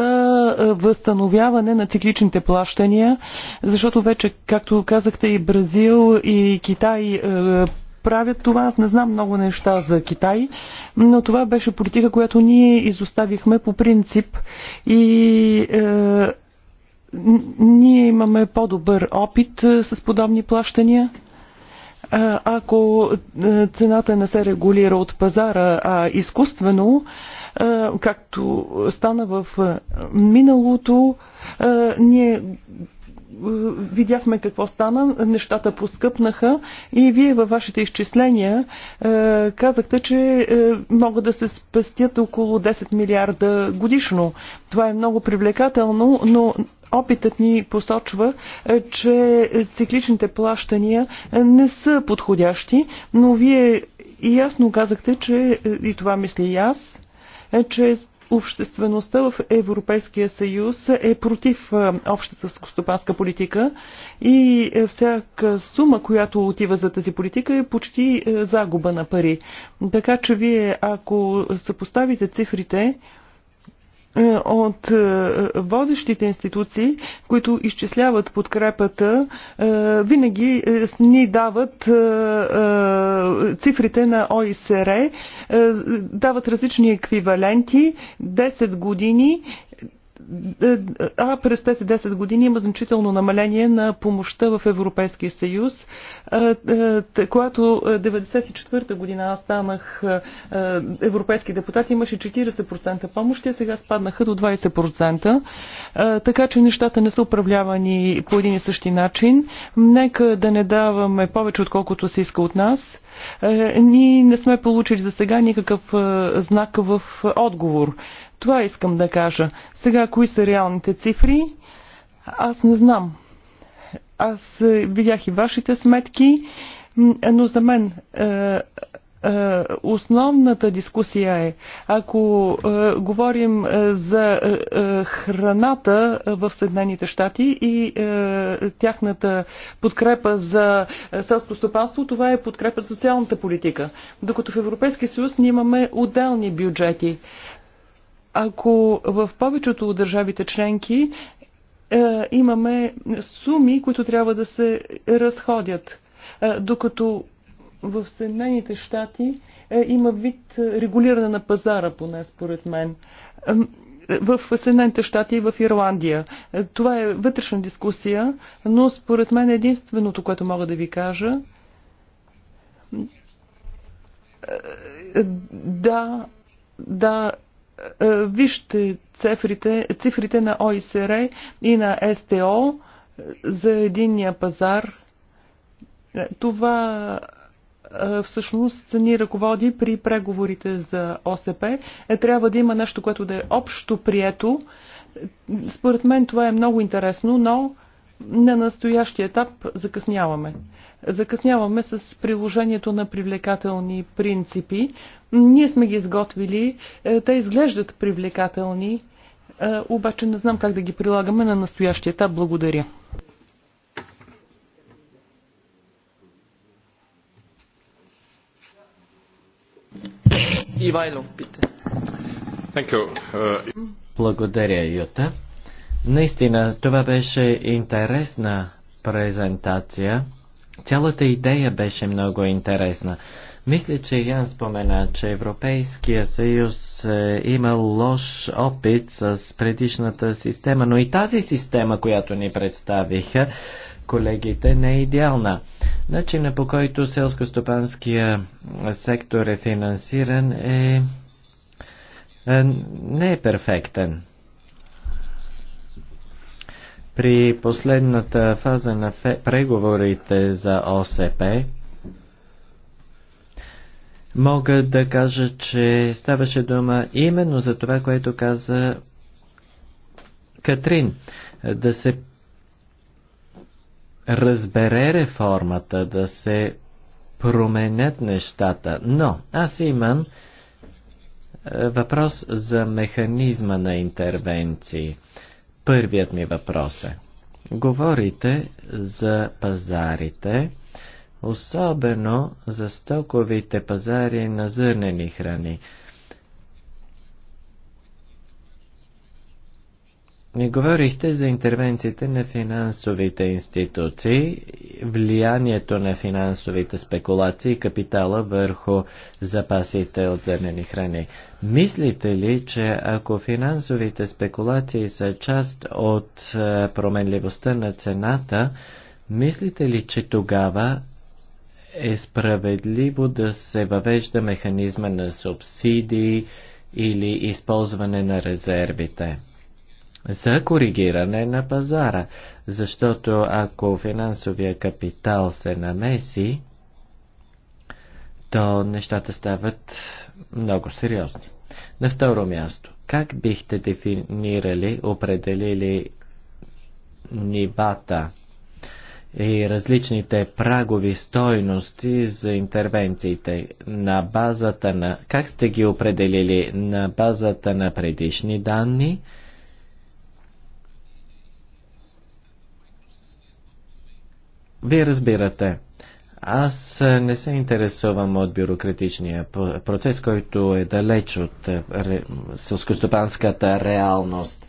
е, възстановяване на цикличните плащания, защото вече, както казахте, и Бразил, и Китай е, правят това. Аз не знам много неща за Китай, но това беше политика, която ние изоставихме по принцип и е, ние имаме по-добър опит е, с подобни плащания. Ако цената не се регулира от пазара, а изкуствено, както стана в миналото, ние видяхме какво стана, нещата поскъпнаха и вие във вашите изчисления казахте, че могат да се спестят около 10 милиарда годишно. Това е много привлекателно, но Опитът ни посочва, е, че цикличните плащания е, не са подходящи, но вие и ясно казахте, че е, и това мисля и аз, че обществеността в Европейския съюз е против общата скостопанска политика и всяка сума, която отива за тази политика е почти загуба на пари. Така че вие, ако съпоставите цифрите, е, от е, водещите институции, които изчисляват подкрепата, е, винаги ни дават цифрите на ОИСР, дават различни еквиваленти, 10 години а през тези 10 години има значително намаление на помощта в Европейския съюз. Когато 1994 година аз станах европейски депутат, имаше 40% помощи, а сега спаднаха до 20%. Така че нещата не са управлявани по един и същи начин. Нека да не даваме повече, отколкото се иска от нас. Ние не сме получили за сега никакъв знак в отговор. Това искам да кажа. Сега, кои са реалните цифри? Аз не знам. Аз е, видях и вашите сметки, но за мен е, е, основната дискусия е, ако говорим за храната в Съединените щати и тяхната подкрепа за селско стопанство, това е подкрепа за социалната политика. Докато в Европейския съюз ние имаме отделни бюджети ако в повечето от държавите членки е, имаме суми, които трябва да се разходят, е, докато в Съединените щати е, има вид регулиране на пазара, поне според мен. В Съединените щати и в Ирландия. Това е вътрешна дискусия, но според мен единственото, което мога да ви кажа, да, да, е, вижте цифрите, цифрите на ОИСР и на СТО за единния пазар. Е, това е, всъщност ни ръководи при преговорите за ОСП. Трябва да има нещо, което да е общо прието. Според мен това е много интересно, но на настоящия етап закъсняваме. Закъсняваме с приложението на привлекателни принципи. Ние сме ги изготвили, е, те изглеждат привлекателни, е, обаче не знам как да ги прилагаме на настоящия етап. Благодаря. Ивайло, пите. Благодаря, Юта. Наистина, това беше интересна презентация. Цялата идея беше много интересна. Мисля, че Ян спомена, че Европейския съюз е имал лош опит с предишната система, но и тази система, която ни представиха, колегите, не е идеална. Начина по който селско-стопанския сектор е финансиран е, е не е перфектен. При последната фаза на преговорите за ОСП мога да кажа, че ставаше дума именно за това, което каза Катрин. Да се разбере реформата, да се променят нещата. Но аз имам е, въпрос за механизма на интервенции. Първият ми въпрос е. Говорите за пазарите, особено за стоковите пазари на зърнени храни. Не говорихте за интервенциите на финансовите институции, влиянието на финансовите спекулации и капитала върху запасите от зърнени храни. Мислите ли, че ако финансовите спекулации са част от е, променливостта на цената, мислите ли, че тогава е справедливо да се въвежда механизма на субсидии или използване на резервите? за коригиране на пазара, защото ако финансовия капитал се намеси, то нещата стават много сериозни. На второ място, как бихте дефинирали, определили нивата и различните прагови стойности за интервенциите на базата на... Как сте ги определили? На базата на предишни данни – Вие разбирате. Аз не се интересувам от бюрократичния процес, който е далеч от е, сълскостопанската реалност.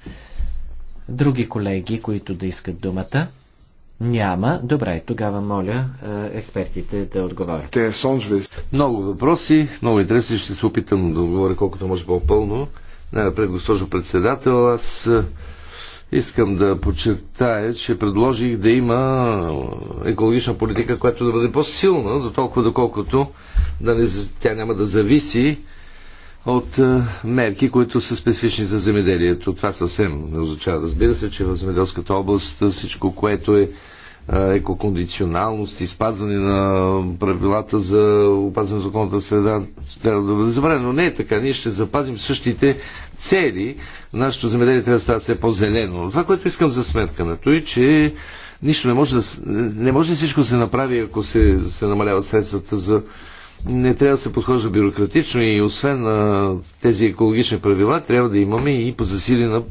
Други колеги, които да искат думата? Няма. Добре, тогава моля е, експертите да отговорят. Много въпроси, много интереси. Ще се опитам да отговоря колкото може по-пълно. Най-напред, госпожо председател, аз Искам да подчертая, че предложих да има екологична политика, която да бъде по-силна, до толкова доколкото да не, тя няма да зависи от е, мерки, които са специфични за земеделието. Това съвсем не означава. Разбира се, че в земеделската област всичко, което е екокондиционалност и спазване на правилата за опазване на околната среда трябва да бъде забравено. Но не е така. Ние ще запазим същите цели. Нашето земеделие трябва да става все по-зелено. Това, което искам за сметка на той, е, че нищо не може да, не може всичко да се направи, ако се, се намаляват средствата за не трябва да се подхожда бюрократично и освен а, тези екологични правила, трябва да имаме и засилена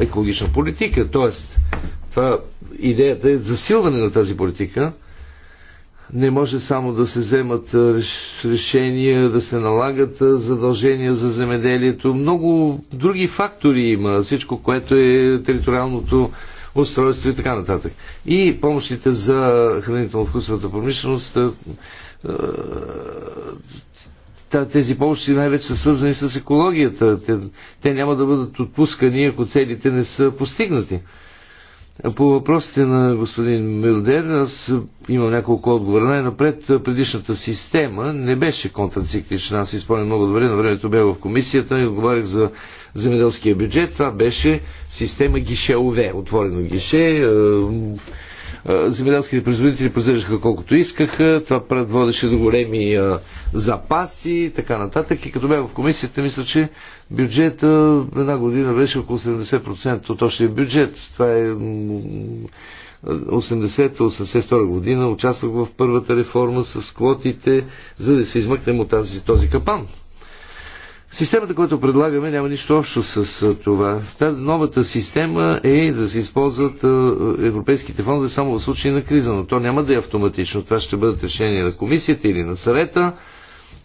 екологична политика. Тоест, това, идеята е засилване на тази политика. Не може само да се вземат решения, да се налагат задължения за земеделието. Много други фактори има. Всичко, което е териториалното устройство и така нататък. И помощите за хранително вкусната промишленост е, тези помощи най-вече са свързани с екологията. Те, те няма да бъдат отпускани, ако целите не са постигнати. По въпросите на господин Милдер, аз имам няколко отговора. Най-напред предишната система не беше контрациклична. Аз изпълням много добре. На времето бях в комисията и отговарях за земеделския бюджет. Това беше система гише ОВ. Отворено гише, е, земеделските производители произвеждаха колкото искаха, това предводеше до големи запаси и така нататък. И като бях в комисията, мисля, че бюджета една година беше около 70% от общия бюджет. Това е 80-82 година. Участвах в първата реформа с квотите, за да се измъкнем от тази, този капан. Системата, която предлагаме, няма нищо общо с това. Тази новата система е да се използват европейските фондове само в случай на криза, но то няма да е автоматично. Това ще бъдат решения на комисията или на съвета,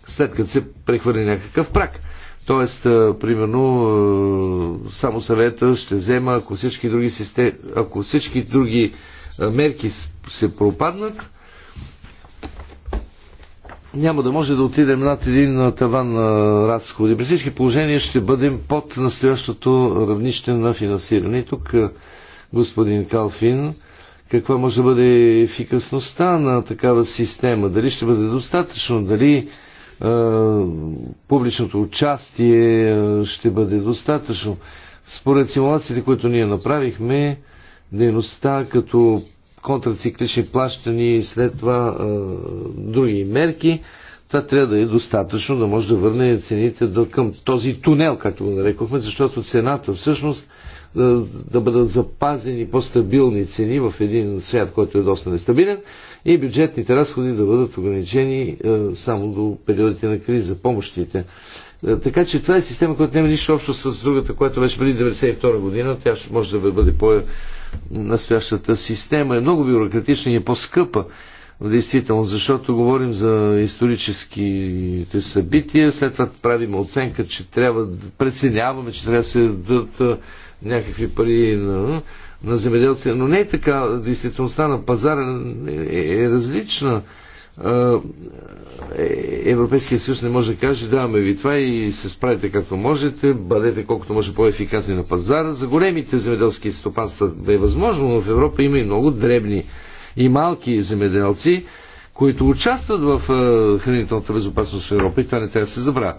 след като се прехвърли някакъв прак. Тоест, примерно, само съвета ще взема, ако всички други, систем... ако всички други мерки се пропаднат, няма да може да отидем над един таван на разходи. При всички положения ще бъдем под настоящото равнище на финансиране. И тук господин Калфин, каква може да бъде ефикасността на такава система? Дали ще бъде достатъчно? Дали публичното участие ще бъде достатъчно. Според симулациите, които ние направихме, дейността като контрациклични плащани и след това а, други мерки, това трябва да е достатъчно да може да върне цените до към този тунел, както го нарекохме, защото цената всъщност да, да бъдат запазени по-стабилни цени в един свят, който е доста нестабилен и бюджетните разходи да бъдат ограничени е, само до периодите на криза, помощите. Е, така че това е система, която няма нищо общо с другата, която беше преди 1992 година. Тя ще може да бъде по-настоящата система. Е много бюрократична и е по-скъпа в действителност, защото говорим за историческите събития, след това правим оценка, че трябва да преценяваме, че трябва да се дадат е, някакви пари на, на земеделци. Но не е така. Действителността на пазара е, е, е различна. Е, Европейския съюз не може да каже, даваме ви това и се справите както можете, бъдете колкото може по-ефикасни на пазара. За големите земеделски стопанства е възможно, но в Европа има и много дребни и малки земеделци, които участват в хранителната безопасност в Европа и това не трябва да се забравя.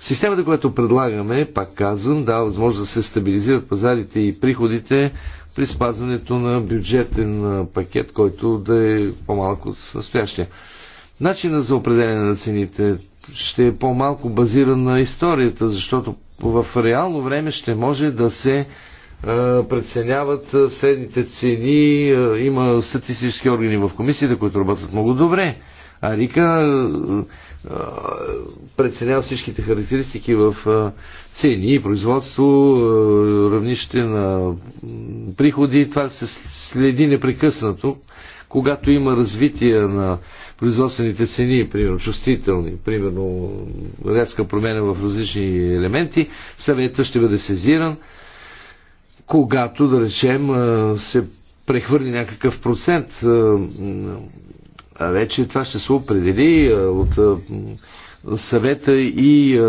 Системата, която предлагаме, пак казвам, дава възможност да се стабилизират пазарите и приходите при спазването на бюджетен пакет, който да е по-малък от настоящия. Начинът за определение на цените ще е по-малко базиран на историята, защото в реално време ще може да се преценяват средните цени. Има статистически органи в комисията, които работят много добре. А преценява всичките характеристики в цени и производство, равнище на приходи. Това се следи непрекъснато. Когато има развитие на производствените цени, примерно чувствителни, примерно резка промена в различни елементи, съветът ще бъде сезиран. Когато, да речем, се прехвърли някакъв процент вече това ще се определи от съвета и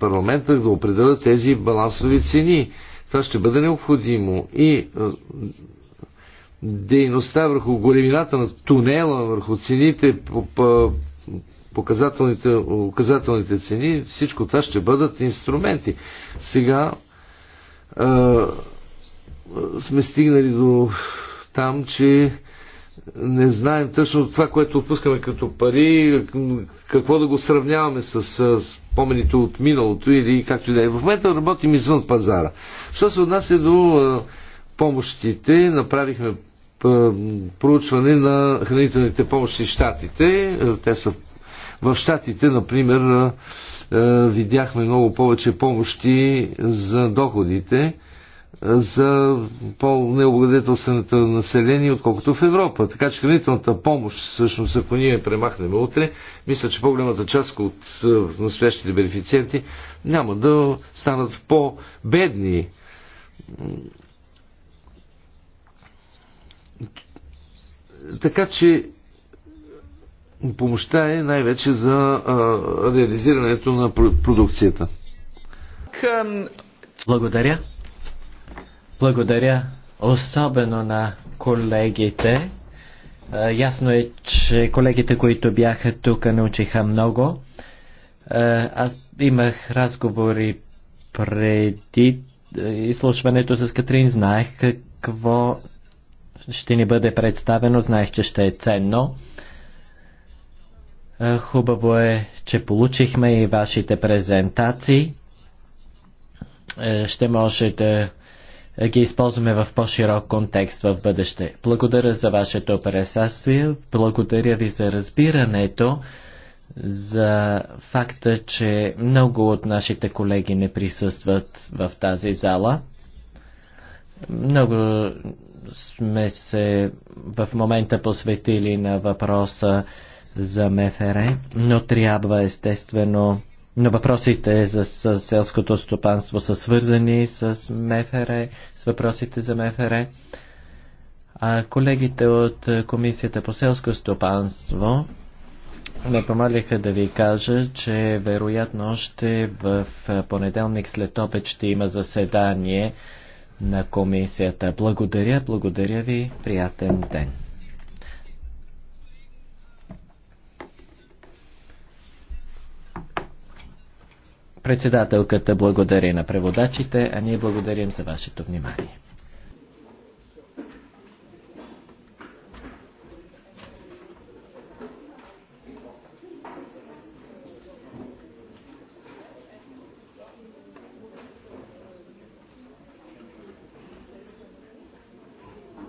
парламента да определят тези балансови цени. Това ще бъде необходимо. И дейността върху големината на тунела, върху цените, показателните, указателните цени, всичко това ще бъдат инструменти. Сега сме стигнали до там, че не знаем точно това, което отпускаме като пари, какво да го сравняваме с спомените от миналото или както и да е. В момента работим извън пазара. Що се отнася до помощите, направихме проучване на хранителните помощи в Штатите. Те са в Штатите, например, видяхме много повече помощи за доходите за по-необлагодетелственото население, отколкото в Европа. Така че хранителната помощ, всъщност, ако ние премахнем утре, мисля, че по-голямата част от е, настоящите бенефициенти няма да станат по-бедни. Така че помощта е най-вече за а, реализирането на продукцията. Благодаря. Благодаря особено на колегите. Ясно е, че колегите, които бяха тук, научиха много. Аз имах разговори преди изслушването с Катрин. Знаех какво ще ни бъде представено. Знаех, че ще е ценно. Хубаво е, че получихме и вашите презентации. Ще може да е, ги използваме в по-широк контекст в бъдеще. Благодаря за вашето присъствие, благодаря ви за разбирането, за факта, че много от нашите колеги не присъстват в тази зала. Много сме се в момента посветили на въпроса за МФР, но трябва естествено но въпросите за, за селското стопанство са свързани с МФР, с въпросите за МФР. А колегите от Комисията по селско стопанство ме помолиха да ви кажа, че вероятно още в понеделник след обед ще има заседание на комисията. Благодаря, благодаря ви, приятен ден. Председателката благодари на преводачите, а ние благодарим за вашето внимание.